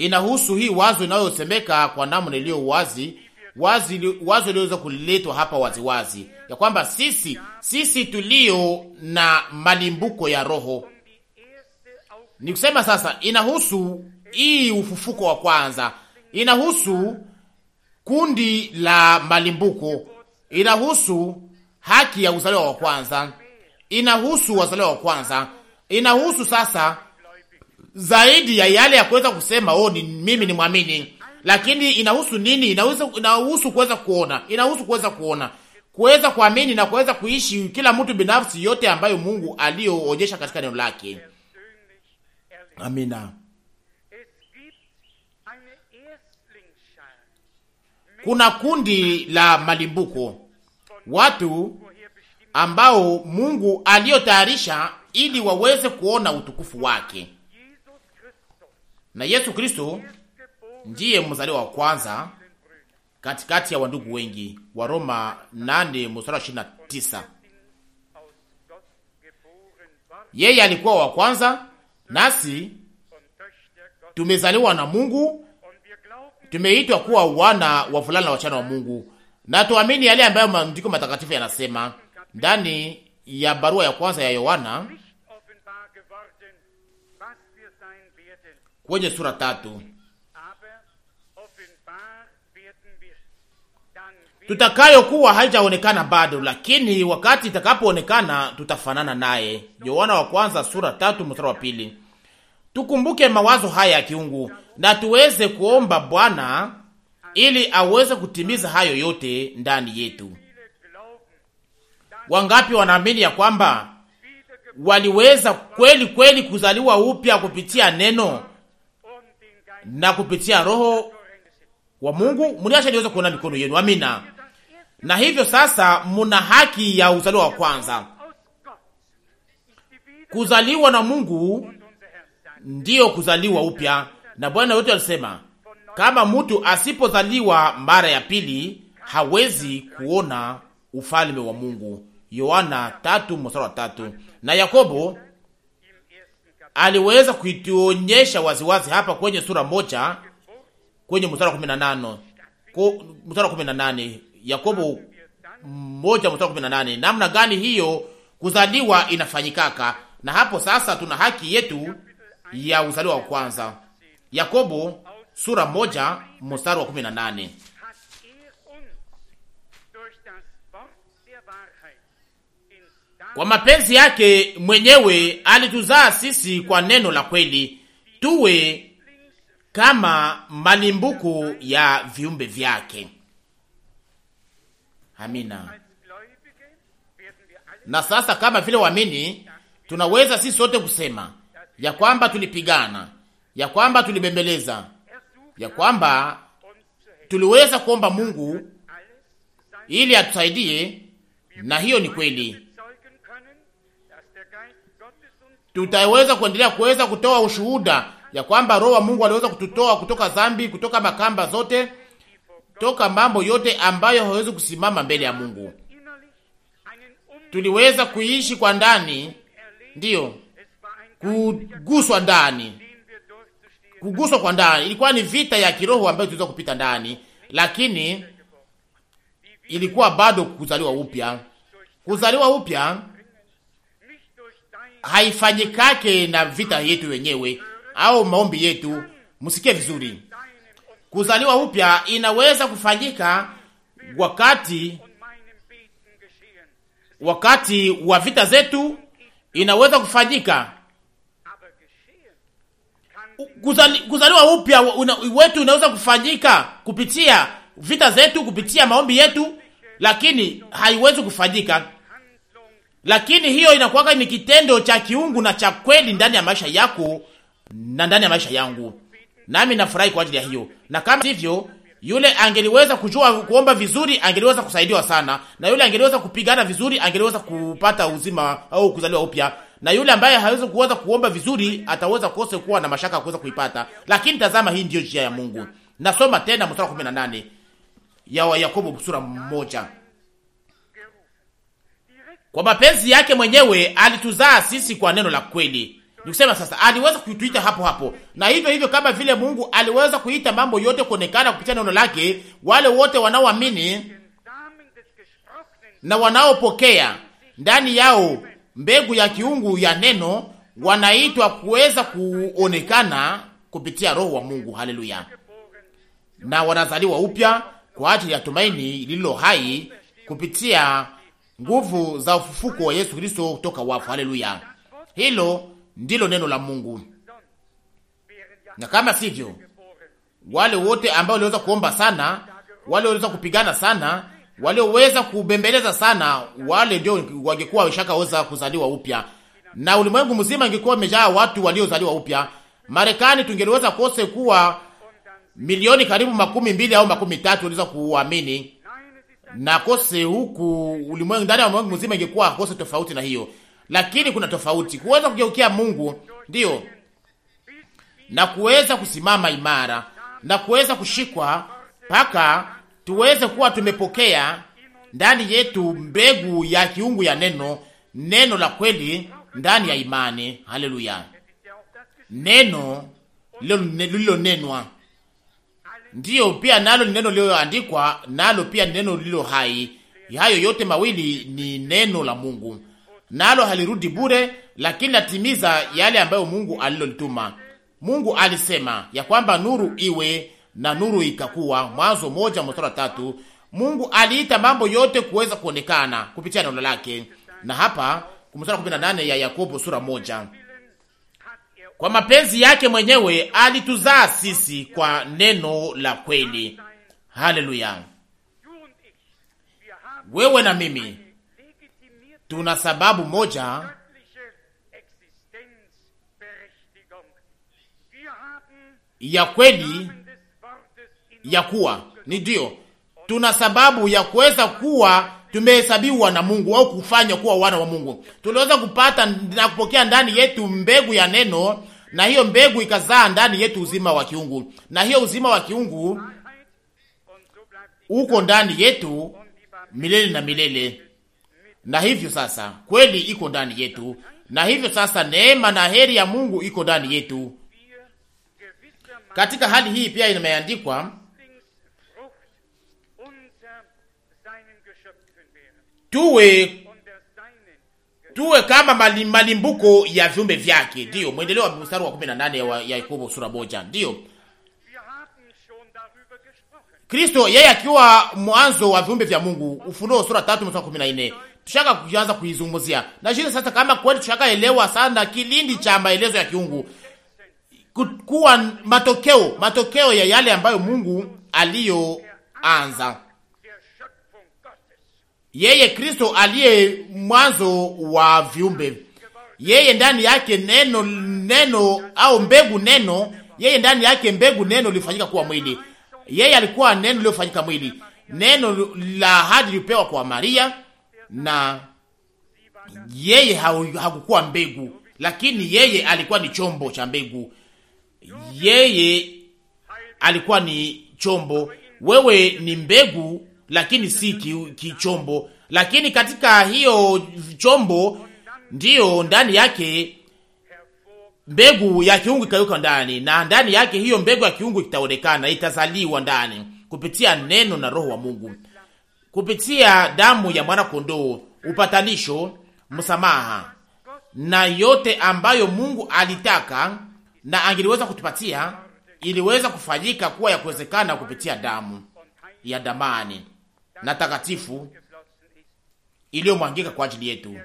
inahusu hii wazo inayosemeka kwa namna iliyo wazi wazi, wazo iliweza kuletwa hapa waziwazi wazi, ya kwamba sisi sisi tulio na malimbuko ya roho ni kusema sasa, inahusu hii ufufuko wa kwanza, inahusu kundi la malimbuko, inahusu haki ya uzaliwa wa kwanza, inahusu wazaliwa wa kwanza, inahusu sasa zaidi ya yale ya kuweza kusema oh, ni mimi ni mwamini, lakini inahusu nini? Inahusu, inahusu kuweza kuona, inahusu kuweza kuona, kuweza kuamini na kuweza kuishi kila mtu binafsi yote ambayo Mungu aliyoonyesha katika neno lake. Amina. Kuna kundi la malimbuko, watu ambao Mungu aliyotayarisha ili waweze kuona utukufu wake na Yesu Kristo ndiye mzaliwa wa kwanza katikati ya wandugu wengi, wa Roma 8 mstari wa tisa. Yeye alikuwa wa kwanza, nasi tumezaliwa na Mungu, tumeitwa kuwa wana wa fulana na wachana wa Mungu, na tuamini yale ambayo maandiko matakatifu yanasema ndani ya barua ya kwanza ya Yohana kwenye sura tatu. Tutakayokuwa haijaonekana bado, lakini wakati itakapoonekana tutafanana naye. Yohana wa kwanza sura tatu mstari wa pili. Tukumbuke mawazo haya ya kiungu na tuweze kuomba Bwana ili aweze kutimiza hayo yote ndani yetu. Wangapi wanaamini ya kwamba waliweza kweli kweli kuzaliwa upya kupitia neno na kupitia Roho wa Mungu mliacha niweze kuona mikono yenu. Amina. Na hivyo sasa muna haki ya uzaliwa wa kwanza. Kuzaliwa na Mungu ndiyo kuzaliwa upya, na Bwana wetu alisema kama mtu asipozaliwa mara ya pili hawezi kuona ufalme wa Mungu, Yohana tatu mstari wa tatu. Na Yakobo aliweza kuituonyesha waziwazi hapa kwenye sura moja kwenye mstari wa 18 mstari wa 18 Yakobo moja mstari wa 18, namna gani hiyo kuzaliwa inafanyikaka. Na hapo sasa tuna haki yetu ya uzaliwa wa kwanza. Yakobo sura moja mstari wa 18. Kwa mapenzi yake mwenyewe alituzaa sisi kwa neno la kweli, tuwe kama malimbuko ya viumbe vyake. Amina. Na sasa kama vile waamini tunaweza sisi sote kusema ya kwamba tulipigana, ya kwamba tulibembeleza, ya kwamba tuliweza kuomba Mungu ili atusaidie, na hiyo ni kweli tutaweza kuendelea kuweza kutoa ushuhuda ya kwamba Roho wa Mungu aliweza kututoa kutoka dhambi, kutoka makamba zote, toka mambo yote ambayo hawezi kusimama mbele ya Mungu. Tuliweza kuishi kwa ndani, ndiyo kuguswa ndani, kuguswa kwa ndani. Ilikuwa ni vita ya kiroho ambayo tuliweza kupita ndani, lakini ilikuwa bado kuzaliwa upya. Kuzaliwa upya haifanyikake na vita yetu wenyewe au maombi yetu. Msikie vizuri, kuzaliwa upya inaweza kufanyika wakati wakati wa vita zetu, inaweza kufanyika kuzali, kuzaliwa upya una, wetu unaweza kufanyika kupitia vita zetu, kupitia maombi yetu, lakini haiwezi kufanyika lakini hiyo inakuwa ni kitendo cha kiungu na cha kweli ndani ya maisha yako na ndani ya maisha yangu, nami nafurahi kwa ajili ya hiyo. Na kama sivyo, yule angeliweza kujua kuomba vizuri, angeliweza kusaidiwa sana, na yule angeliweza kupigana vizuri, angeliweza kupata uzima au kuzaliwa upya, na yule ambaye hawezi kuweza kuomba vizuri ataweza kose kuwa na mashaka ya kuweza kuipata. Lakini tazama, hii ndiyo njia ya Mungu. Nasoma tena mstari wa 18 ya Yakobo sura moja. Kwa mapenzi yake mwenyewe alituzaa sisi kwa neno la kweli. Ni kusema sasa aliweza kutuita hapo hapo. Na hivyo hivyo kama vile Mungu aliweza kuita mambo yote kuonekana kupitia neno lake, wale wote wanaoamini na wanaopokea ndani yao mbegu ya kiungu ya neno wanaitwa kuweza kuonekana kupitia roho wa Mungu. Haleluya. Na wanazaliwa upya kwa ajili ya tumaini lililo hai kupitia nguvu za ufufuko wa Yesu Kristo kutoka wafu. Haleluya! Hilo ndilo neno la Mungu, na kama sivyo, wale wote ambao waliweza kuomba sana, wale waliweza kupigana sana, walioweza kubembeleza sana, wale ndio wangekuwa washakaweza kuzaliwa upya, na ulimwengu mzima ingekuwa imejaa watu waliozaliwa upya. Marekani tungeliweza kose kuwa milioni karibu makumi mbili au makumi tatu waliweza kuamini na kose huku ulimwengu, ndani ya ulimwengu mzima ingekuwa kose tofauti na hiyo, lakini kuna tofauti kuweza kugeukia Mungu ndio na kuweza kusimama imara na kuweza kushikwa mpaka tuweze kuwa tumepokea ndani yetu mbegu ya kiungu ya neno, neno la kweli ndani ya imani. Haleluya, neno lililonenwa ndiyo pia nalo ni neno lililoandikwa, nalo pia ni neno lililo hai. Hayo yote mawili ni neno la Mungu, nalo halirudi bure, lakini natimiza yale ambayo Mungu alilolituma. Mungu alisema ya kwamba nuru iwe na nuru ikakuwa, Mwanzo moja mstari wa tatu. Mungu aliita mambo yote kuweza kuonekana kupitia neno lake, na hapa kumstari 18 ya Yakobo sura moja kwa mapenzi yake mwenyewe alituzaa sisi kwa neno la kweli. Haleluya! Wewe na mimi tuna sababu moja ya kweli ya kuwa ni ndio, tuna sababu ya kuweza kuwa tumehesabiwa na Mungu au kufanywa kuwa wana wa Mungu. Tuliweza kupata na kupokea ndani yetu mbegu ya neno na hiyo mbegu ikazaa ndani yetu uzima wa kiungu, na hiyo uzima wa kiungu uko ndani yetu milele na milele. Na hivyo sasa kweli iko ndani yetu, na hivyo sasa neema na heri ya Mungu iko ndani yetu. Katika hali hii pia imeandikwa tuwe tuwe kama mali, malimbuko ya viumbe vyake. Ndio mwendeleo wa mstari wa 18 wa Yakobo sura moja. Ndio Kristo yeye akiwa mwanzo wa viumbe vya Mungu, Ufunuo sura 3 mstari wa 14. Tushaka kuanza kuizungumzia na shida sasa, kama kweli tushaka elewa sana kilindi cha maelezo ya kiungu kuwa matokeo matokeo ya yale ambayo Mungu aliyoanza yeye Kristo aliye mwanzo wa viumbe, yeye ndani yake neno neno au mbegu neno, yeye ndani yake mbegu neno lilifanyika kuwa mwili. Yeye alikuwa neno lilofanyika mwili, neno la ahadi lipewa kwa Maria, na yeye hakukuwa mbegu, lakini yeye alikuwa ni chombo cha mbegu. Yeye alikuwa ni chombo. Wewe ni mbegu lakini si kichombo ki lakini katika hiyo chombo ndiyo ndani yake mbegu ya kiungu ikawekwa ndani, na ndani yake hiyo mbegu ya kiungu itaonekana, itazaliwa ndani kupitia neno na Roho wa Mungu, kupitia damu ya mwana kondoo, upatanisho, msamaha na yote ambayo Mungu alitaka na angeliweza kutupatia iliweza kufanyika kuwa ya kuwezekana kupitia damu ya damani na takatifu iliyomwangika kwa ajili yetu.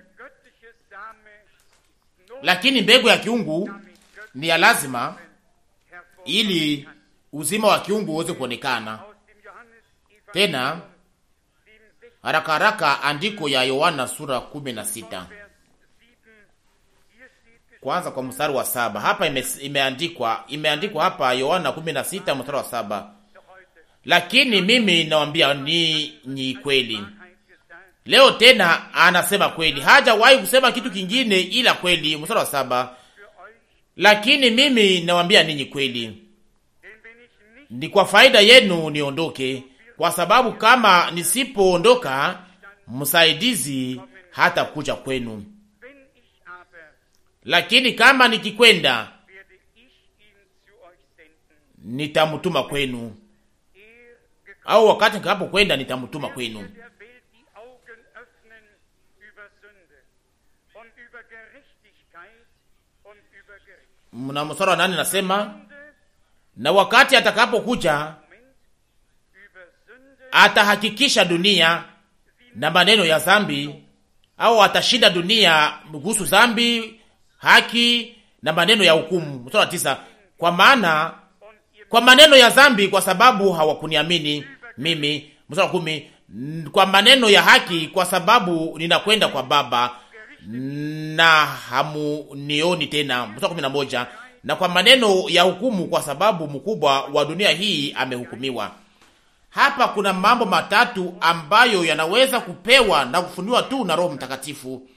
Lakini mbegu ya kiungu ni ya lazima ili uzima wa kiungu uweze kuonekana tena. Haraka haraka, andiko ya Yohana sura sita kwanza kwa mstari wa saba hapa ime, imeandikwa imeandikwa hapa Yohana 16 mstari wa saba lakini mimi nawambia ninyi kweli. Leo tena anasema kweli, hajawahi kusema kitu kingine ila kweli. Mstari wa saba, lakini mimi nawambia ninyi kweli, ni kwa faida yenu niondoke, kwa sababu kama nisipoondoka msaidizi hata kuja kwenu, lakini kama nikikwenda nitamtuma kwenu au wakati kwenda nitamutuma kwenu. Na mstari wa nane nasema, na wakati atakapokuja atahakikisha dunia na maneno ya zambi au atashinda dunia kuhusu zambi haki na maneno ya hukumu. Mstari wa tisa, kwa maana kwa maneno ya dhambi, kwa sababu hawakuniamini mimi. Mstari wa kumi, kwa maneno ya haki, kwa sababu ninakwenda kwa Baba na hamunioni tena. Mstari wa kumi na moja, na kwa maneno ya hukumu, kwa sababu mkubwa wa dunia hii amehukumiwa. Hapa kuna mambo matatu ambayo yanaweza kupewa na kufunuliwa tu na Roho Mtakatifu.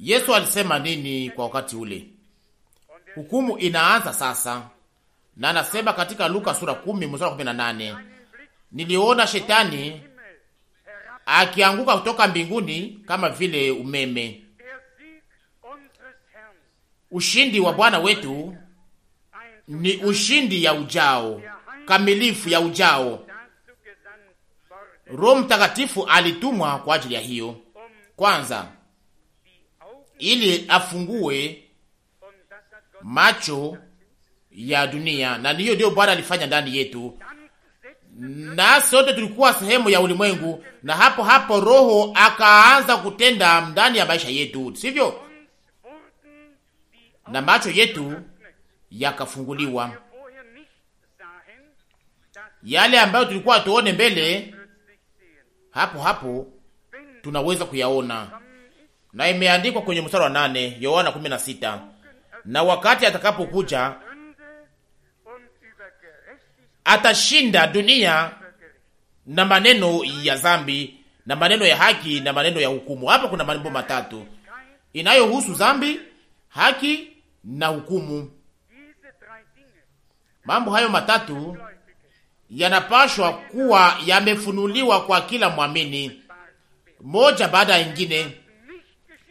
Yesu alisema nini kwa wakati ule? Hukumu inaanza sasa, na anasema katika Luka sura 10 mstari 18, niliona shetani akianguka kutoka mbinguni kama vile umeme. Ushindi wa Bwana wetu ni ushindi ya ujao kamilifu ya ujao. Roho Mtakatifu alitumwa kwa ajili ya hiyo kwanza, ili afungue macho ya dunia, na hiyo ndio Bwana alifanya ndani yetu, na sote tulikuwa sehemu ya ulimwengu, na hapo hapo Roho akaanza kutenda ndani ya maisha yetu, sivyo? Na macho yetu yakafunguliwa, yale ambayo tulikuwa tuone mbele, hapo hapo tunaweza kuyaona, na imeandikwa kwenye mstari wa nane Yohana na wakati atakapokuja atashinda dunia na maneno ya zambi na maneno ya haki na maneno ya hukumu. Hapa kuna mambo matatu inayohusu zambi, haki na hukumu. Mambo hayo matatu yanapashwa kuwa yamefunuliwa kwa kila mwamini, moja baada ya ingine,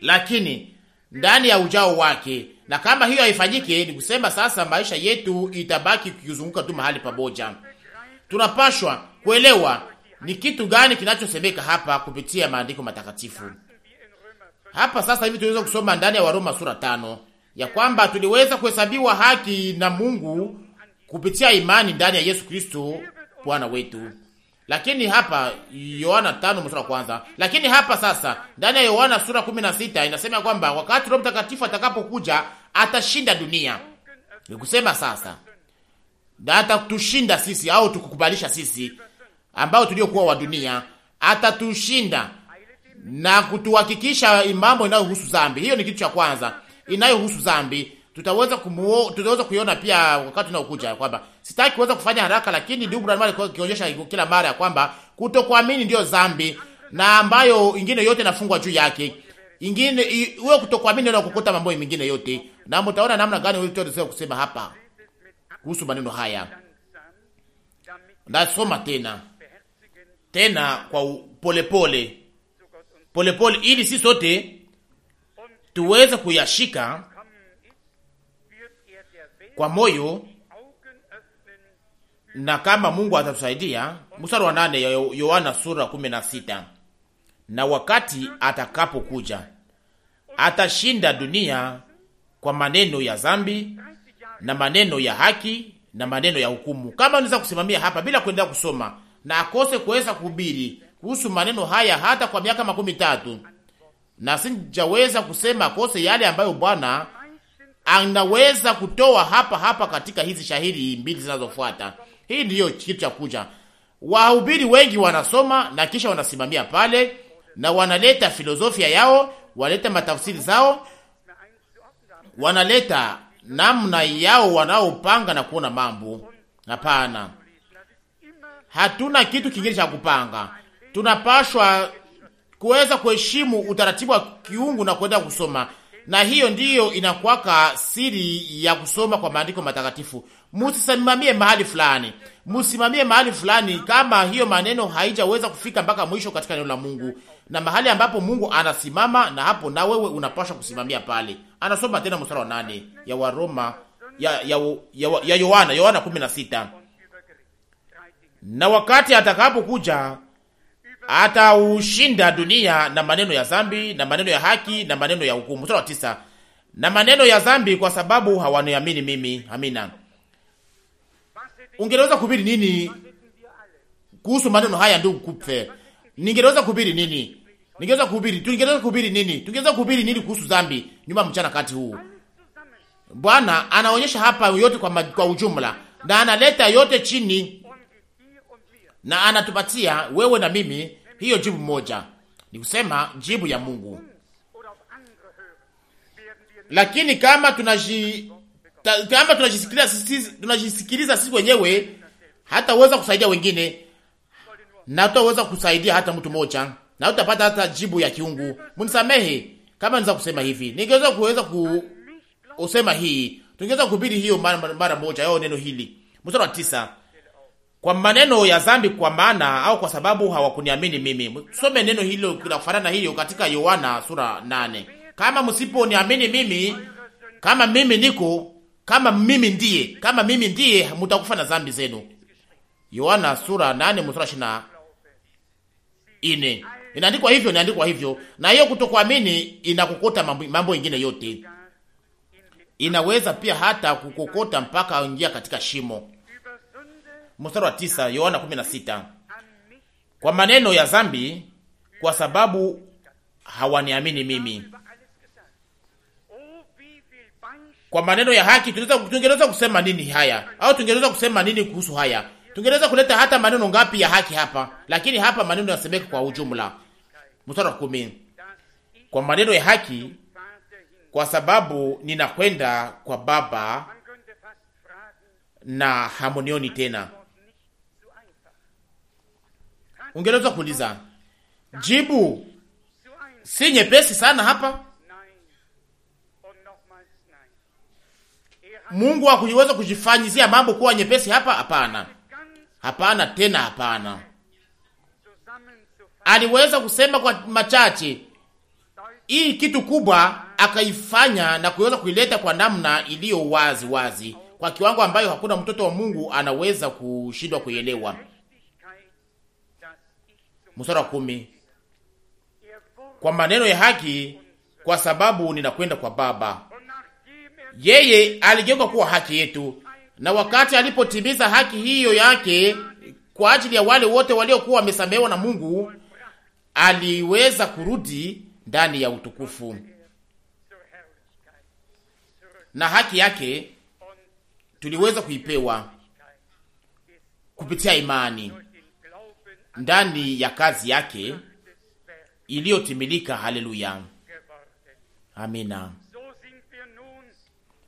lakini ndani ya ujao wake na kama hiyo haifanyike, ni kusema sasa maisha yetu itabaki kuzunguka tu mahali pamoja. Tunapashwa kuelewa ni kitu gani kinachosemeka hapa kupitia maandiko matakatifu. Hapa sasa hivi tunaweza kusoma ndani ya Waroma sura tano ya kwamba tuliweza kuhesabiwa haki na Mungu kupitia imani ndani ya Yesu Kristo Bwana wetu. Lakini hapa Yohana tano mstari wa kwanza. Lakini hapa sasa ndani ya Yohana sura 16 inasema kwamba wakati Roho Mtakatifu atakapokuja atashinda dunia. kusema sasa na atatushinda sisi au tukukubalisha sisi ambao tuliokuwa wa dunia, atatushinda na kutuhakikisha mambo inayohusu dhambi. Hiyo ni kitu cha kwanza inayohusu dhambi tutaweza kumuo, tutaweza kuiona pia wakati unaokuja kwamba sitaki kuweza kufanya haraka, lakini ndugu Branham alikuwa akionyesha kila mara ya kwamba kutokuamini ndio dhambi na ambayo ingine yote nafungwa juu yake. Ingine wewe kutokuamini na kukuta mambo mengine yote. Na mtaona namna gani wewe tutaweza kusema hapa kuhusu maneno haya. Nasoma tena. Tena kwa polepole. pole. Polepole pole, ili si sote tuweze kuyashika kwa moyo na kama Mungu atatusaidia. Mstari wa nane ya Yohana sura kumi na sita na wakati atakapokuja atashinda dunia kwa maneno ya zambi na maneno ya haki na maneno ya hukumu. Kama unaweza kusimamia hapa bila kuendelea kusoma na akose kuweza kuhubiri kuhusu maneno haya hata kwa miaka makumi tatu na sijaweza kusema akose yale ambayo Bwana anaweza kutoa hapa hapa katika hizi shahiri mbili zinazofuata. Hii ndiyo kitu cha kuja. Wahubiri wengi wanasoma na kisha wanasimamia pale na wanaleta filosofia yao, wanaleta matafsiri zao, wanaleta namna yao wanaopanga na kuona mambo. Hapana, hatuna kitu kingine cha kupanga. Tunapashwa kuweza kuheshimu utaratibu wa kiungu na kuenda kusoma na hiyo ndiyo inakuwaka siri ya kusoma kwa maandiko matakatifu. Musisimamie mahali fulani, musimamie mahali fulani, kama hiyo maneno haijaweza kufika mpaka mwisho katika neno la Mungu, na mahali ambapo Mungu anasimama, na hapo na wewe unapaswa kusimamia pale. Anasoma tena mstari wa nane ya Waroma ya ya, ya, ya Yohana Yohana 16 na wakati atakapokuja ataushinda dunia na maneno ya zambi na maneno ya haki na maneno ya hukumu. Mstari wa tisa, na maneno ya zambi kwa sababu hawaniamini mimi. Amina. Ungeweza kuhubiri nini kuhusu maneno haya, ndugu Kupfe? Ningeweza kuhubiri nini? Ningeweza kuhubiri, tungeweza kuhubiri nini? Tungeweza kuhubiri nini kuhusu zambi nyuma mchana kati huu? Bwana anaonyesha hapa yote kwa, kwa ujumla na analeta yote chini na anatupatia wewe na mimi hiyo jibu moja, ni kusema jibu ya Mungu. Lakini kama tunaji ta, kama tunajisikiliza sisi tunajisikiliza sisi wenyewe, hataweza kusaidia wengine na tutaweza kusaidia hata mtu mmoja, na utapata hata jibu ya kiungu. Mnisamehe kama niza kusema hivi, ningeweza kuweza kusema hii, tungeweza kuhubiri hiyo mara mara moja yao neno hili, mstari wa tisa kwa maneno ya zambi kwa maana au kwa sababu hawakuniamini mimi. Some neno hilo la kufanana hiyo katika Yohana sura nane, kama msiponiamini mimi, kama mimi niko kama mimi ndiye, kama mimi ndiye mutakufa na zambi zenu. Yohana sura nane mstari ishirini na nne. Inaandikwa hivyo, inaandikwa hivyo. Na hiyo kutokuamini inakokota mambo ingine yote, inaweza pia hata kukokota mpaka ingia katika shimo mstari wa tisa, Yohana 16, kwa maneno ya zambi, kwa sababu hawaniamini mimi. Kwa maneno ya haki, tungeweza kusema nini haya? Au tungeweza kusema nini kuhusu haya? Tungeweza kuleta hata maneno ngapi ya haki hapa, lakini hapa maneno yasemeka kwa ujumla. Mstari wa kumi, kwa maneno ya haki, kwa sababu ninakwenda kwa Baba na hamunioni tena. Ungeweza kuuliza jibu si nyepesi sana hapa. Mungu hakuweza kujifanyizia mambo kuwa nyepesi hapa. Hapana, hapana, tena hapana. Aliweza kusema kwa machache hii kitu kubwa, akaifanya na kuweza kuileta kwa namna iliyo wazi wazi, kwa kiwango ambayo hakuna mtoto wa Mungu anaweza kushindwa kuielewa mstari wa kumi, kwa maneno ya haki, kwa sababu ninakwenda kwa Baba. Yeye aligeuka kuwa haki yetu, na wakati alipotimiza haki hiyo yake kwa ajili ya wale wote waliokuwa wamesamehewa na Mungu, aliweza kurudi ndani ya utukufu na haki yake tuliweza kuipewa kupitia imani ndani ya kazi yake iliyotimilika. Haleluya, amina.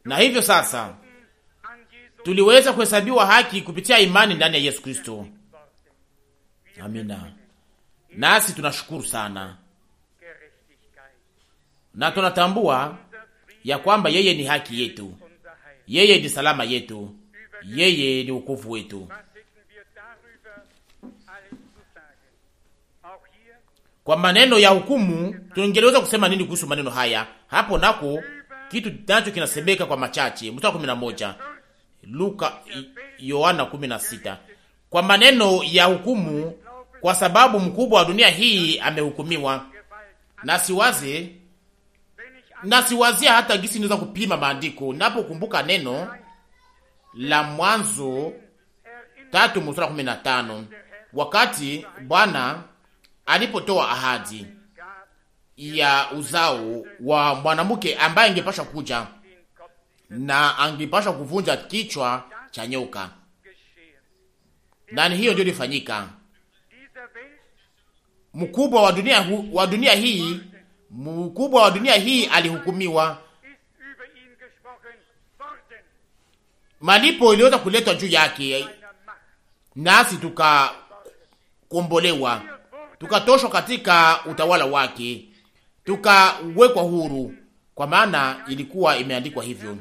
Na hivyo sasa tuliweza kuhesabiwa haki kupitia imani ndani ya Yesu Kristo. Amina, nasi tunashukuru sana na tunatambua ya kwamba yeye ni haki yetu, yeye ni salama yetu, yeye ni wokovu wetu. Kwa maneno ya hukumu tungeliweza kusema nini kuhusu maneno haya? Hapo nako kitu nacho kinasemeka kwa machache. Mstari 11 Luka Yohana 16. Kwa maneno ya hukumu, kwa sababu mkubwa wa dunia hii amehukumiwa. Nasiwaze nasiwazia hata gisi niweza kupima maandiko napokumbuka neno la Mwanzo tatu mstari wakati Bwana alipotoa ahadi ya uzao wa mwanamke ambaye angepasha kuja na angepasha kuvunja kichwa cha nyoka, na hiyo ndio ilifanyika. Mkubwa wa dunia wa dunia hii mkubwa wa dunia hii alihukumiwa. Malipo iliweza kuletwa juu yake, nasi tukakombolewa tukatoshwa katika utawala wake, tukawekwa huru, kwa maana ilikuwa imeandikwa hivyo,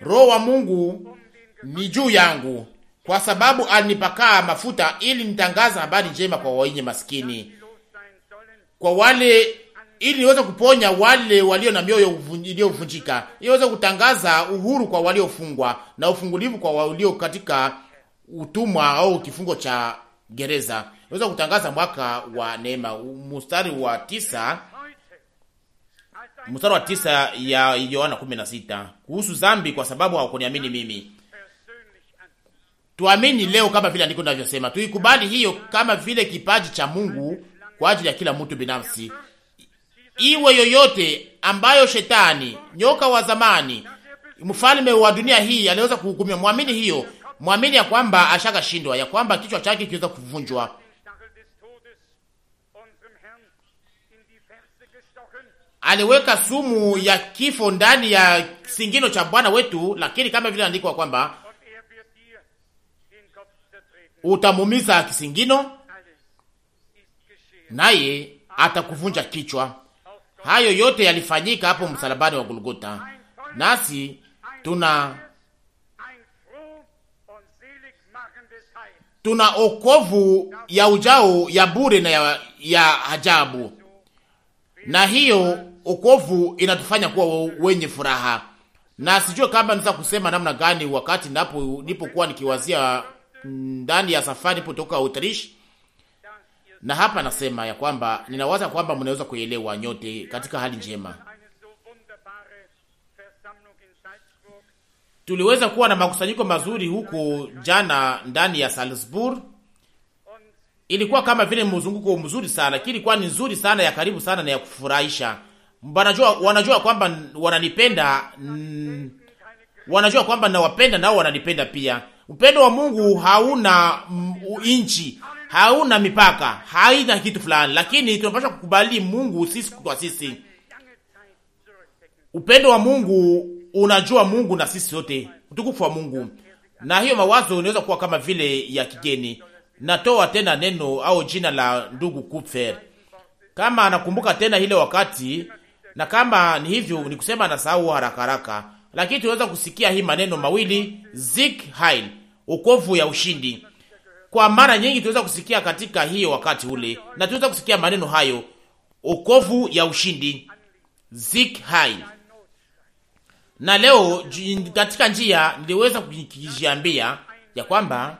Roho wa Mungu ni juu yangu, kwa sababu alinipakaa mafuta ili nitangaza habari njema kwa wenye maskini, kwa wale ili niweze kuponya wale walio na mioyo iliyovunjika, iweze kutangaza uhuru kwa waliofungwa na ufungulivu kwa walio katika utumwa au kifungo cha gereza unaweza kutangaza mwaka wa neema, mstari wa tisa, mstari wa tisa ya Yohana 16 kuhusu zambi, kwa sababu hawakuniamini mimi. Tuamini leo kama vile andiko linavyosema, tuikubali hiyo kama vile kipaji cha Mungu kwa ajili ya kila mtu binafsi, iwe yoyote ambayo shetani, nyoka wa zamani, mfalme wa dunia hii aliweza kuhukumia. Mwamini hiyo, mwamini ya kwamba ashaka shindwa, ya kwamba kichwa chake kiweza kuvunjwa, aliweka sumu ya kifo ndani ya singino cha Bwana wetu, lakini kama vile andikwa kwamba utamumiza kisingino naye atakuvunja kichwa. Hayo yote yalifanyika hapo msalabani wa Golgota, nasi tuna tuna okovu ya ujao ya bure na ya, ya ajabu, na hiyo okovu inatufanya kuwa wenye furaha, na sijue kama naweza kusema namna gani wakati napo nipokuwa nikiwazia ndani ya safari nipotoka Utarishi, na hapa nasema ya kwamba ninawaza kwamba mnaweza kuelewa nyote katika hali njema. Tuliweza kuwa na makusanyiko mazuri huko jana ndani ya Salzburg. Ilikuwa kama vile mzunguko mzuri sana, lakini ilikuwa ni nzuri sana ya karibu sana na ya kufurahisha wanajua, wanajua kwamba wananipenda wanajua kwamba nawapenda nao wananipenda pia. Upendo wa Mungu hauna inchi, hauna mipaka, haina kitu fulani, lakini tunapaswa kukubali Mungu sisi kwa sisi. Upendo wa Mungu unajua Mungu na sisi sote, utukufu wa Mungu. Na hiyo mawazo inaweza kuwa kama vile ya kigeni. Natoa tena neno au jina la ndugu Kupfer, kama anakumbuka tena ile wakati na kama ni hivyo ni kusema na sahau haraka haraka, lakini tunaweza kusikia hii maneno mawili Zik Hail, ukovu ya ushindi. Kwa mara nyingi tunaweza kusikia katika hiyo wakati ule, na tunaweza kusikia maneno hayo, ukovu ya ushindi Zik Hail. Na leo katika njia niliweza kujiambia ya kwamba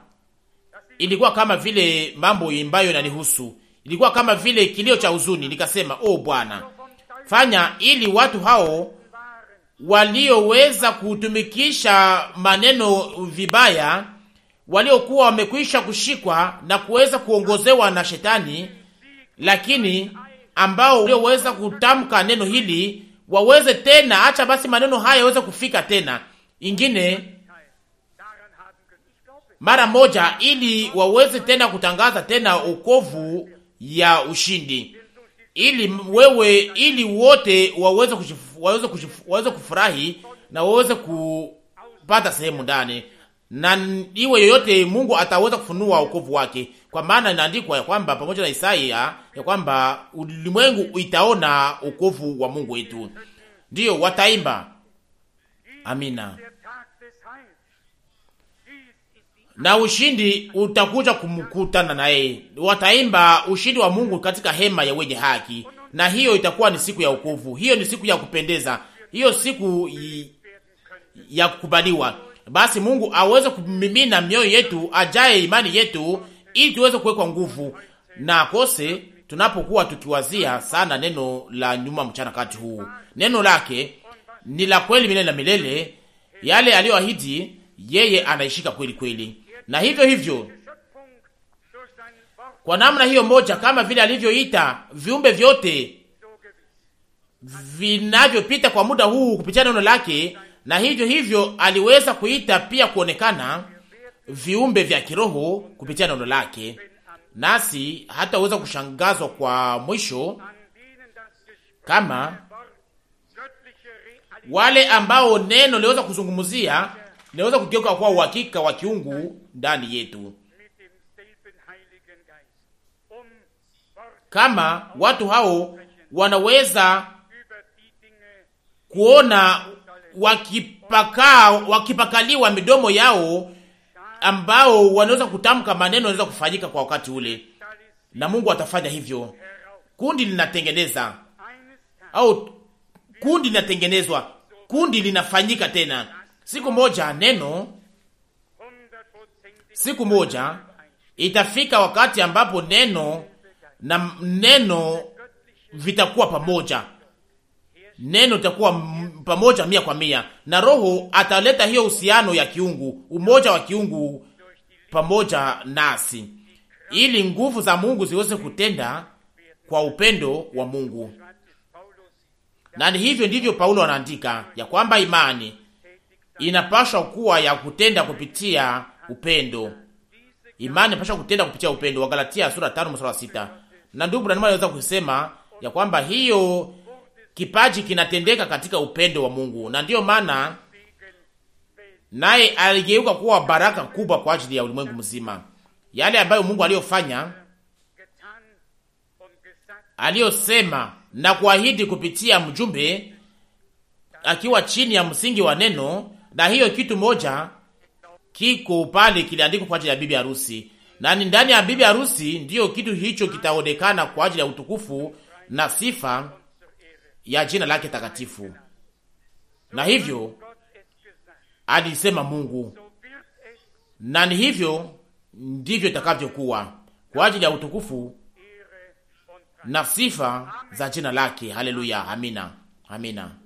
ilikuwa kama vile mambo ambayo inanihusu, ilikuwa kama vile kilio cha huzuni, nikasema oh Bwana fanya ili watu hao walioweza kutumikisha maneno vibaya, waliokuwa wamekwisha kushikwa na kuweza kuongozewa na Shetani, lakini ambao walioweza kutamka neno hili waweze tena, acha basi maneno haya yaweze kufika tena ingine mara moja, ili waweze tena kutangaza tena ukovu ya ushindi ili wewe, ili wote waweze waweze waweze kufurahi na waweze kupata sehemu ndani, na iwe yoyote Mungu ataweza kufunua wokovu wake, kwa maana inaandikwa ya kwamba pamoja na Isaia ya kwamba ulimwengu itaona wokovu wa Mungu wetu. Ndiyo wataimba. Amina. na ushindi utakuja kumkutana naye. Wataimba ushindi wa Mungu katika hema ya wenye haki, na hiyo itakuwa ni siku ya ukovu. Hiyo ni siku ya kupendeza, hiyo siku ya kukubaliwa. Basi Mungu aweze kumimina mioyo yetu, ajaye imani yetu, ili tuweze kuwekwa nguvu na kose tunapokuwa tukiwazia sana neno la nyuma mchana kati huu, neno lake ni la kweli milele na milele. Yale aliyoahidi yeye anaishika kweli kweli na hivyo hivyo kwa namna hiyo moja, kama vile alivyoita viumbe vyote vinavyopita kwa muda huu kupitia neno lake, na hivyo hivyo aliweza kuita pia kuonekana viumbe vya kiroho kupitia neno lake, nasi hataweza kushangazwa kwa mwisho kama wale ambao neno liweza kuzungumzia inaweza kugeuka kuwa uhakika wa kiungu ndani yetu, kama watu hao wanaweza kuona wakipaka wakipakaliwa midomo yao, ambao wanaweza kutamka maneno yanaweza kufanyika kwa wakati ule, na Mungu atafanya hivyo. Kundi linatengeneza au kundi linatengenezwa, kundi linafanyika tena Siku moja neno, siku moja itafika wakati ambapo neno na neno vitakuwa pamoja, neno litakuwa pamoja mia kwa mia, na Roho ataleta hiyo uhusiano ya kiungu, umoja wa kiungu pamoja nasi, ili nguvu za Mungu ziweze kutenda kwa upendo wa Mungu. Na hivyo ndivyo Paulo anaandika ya kwamba imani inapashwa kuwa ya kutenda kupitia upendo. Imani inapashwa kutenda kupitia upendo, wa Galatia sura 5 mstari wa sita. Na ndugu Branham anaweza kusema ya kwamba hiyo kipaji kinatendeka katika upendo wa Mungu, na ndiyo maana naye aligeuka kuwa baraka kubwa kwa ajili ya ulimwengu mzima. Yale ambayo Mungu aliyofanya, aliyosema na kuahidi kupitia mjumbe, akiwa chini ya msingi wa neno, na hiyo kitu moja kiko pale kiliandikwa kwa ajili ya bibi harusi, na ni ndani ya bibi harusi ndiyo kitu hicho kitaonekana kwa ajili ya utukufu na sifa ya jina lake takatifu. Na hivyo alisema Mungu, na ni hivyo ndivyo itakavyokuwa kwa ajili ya utukufu na sifa za jina lake. Haleluya, amina, amina.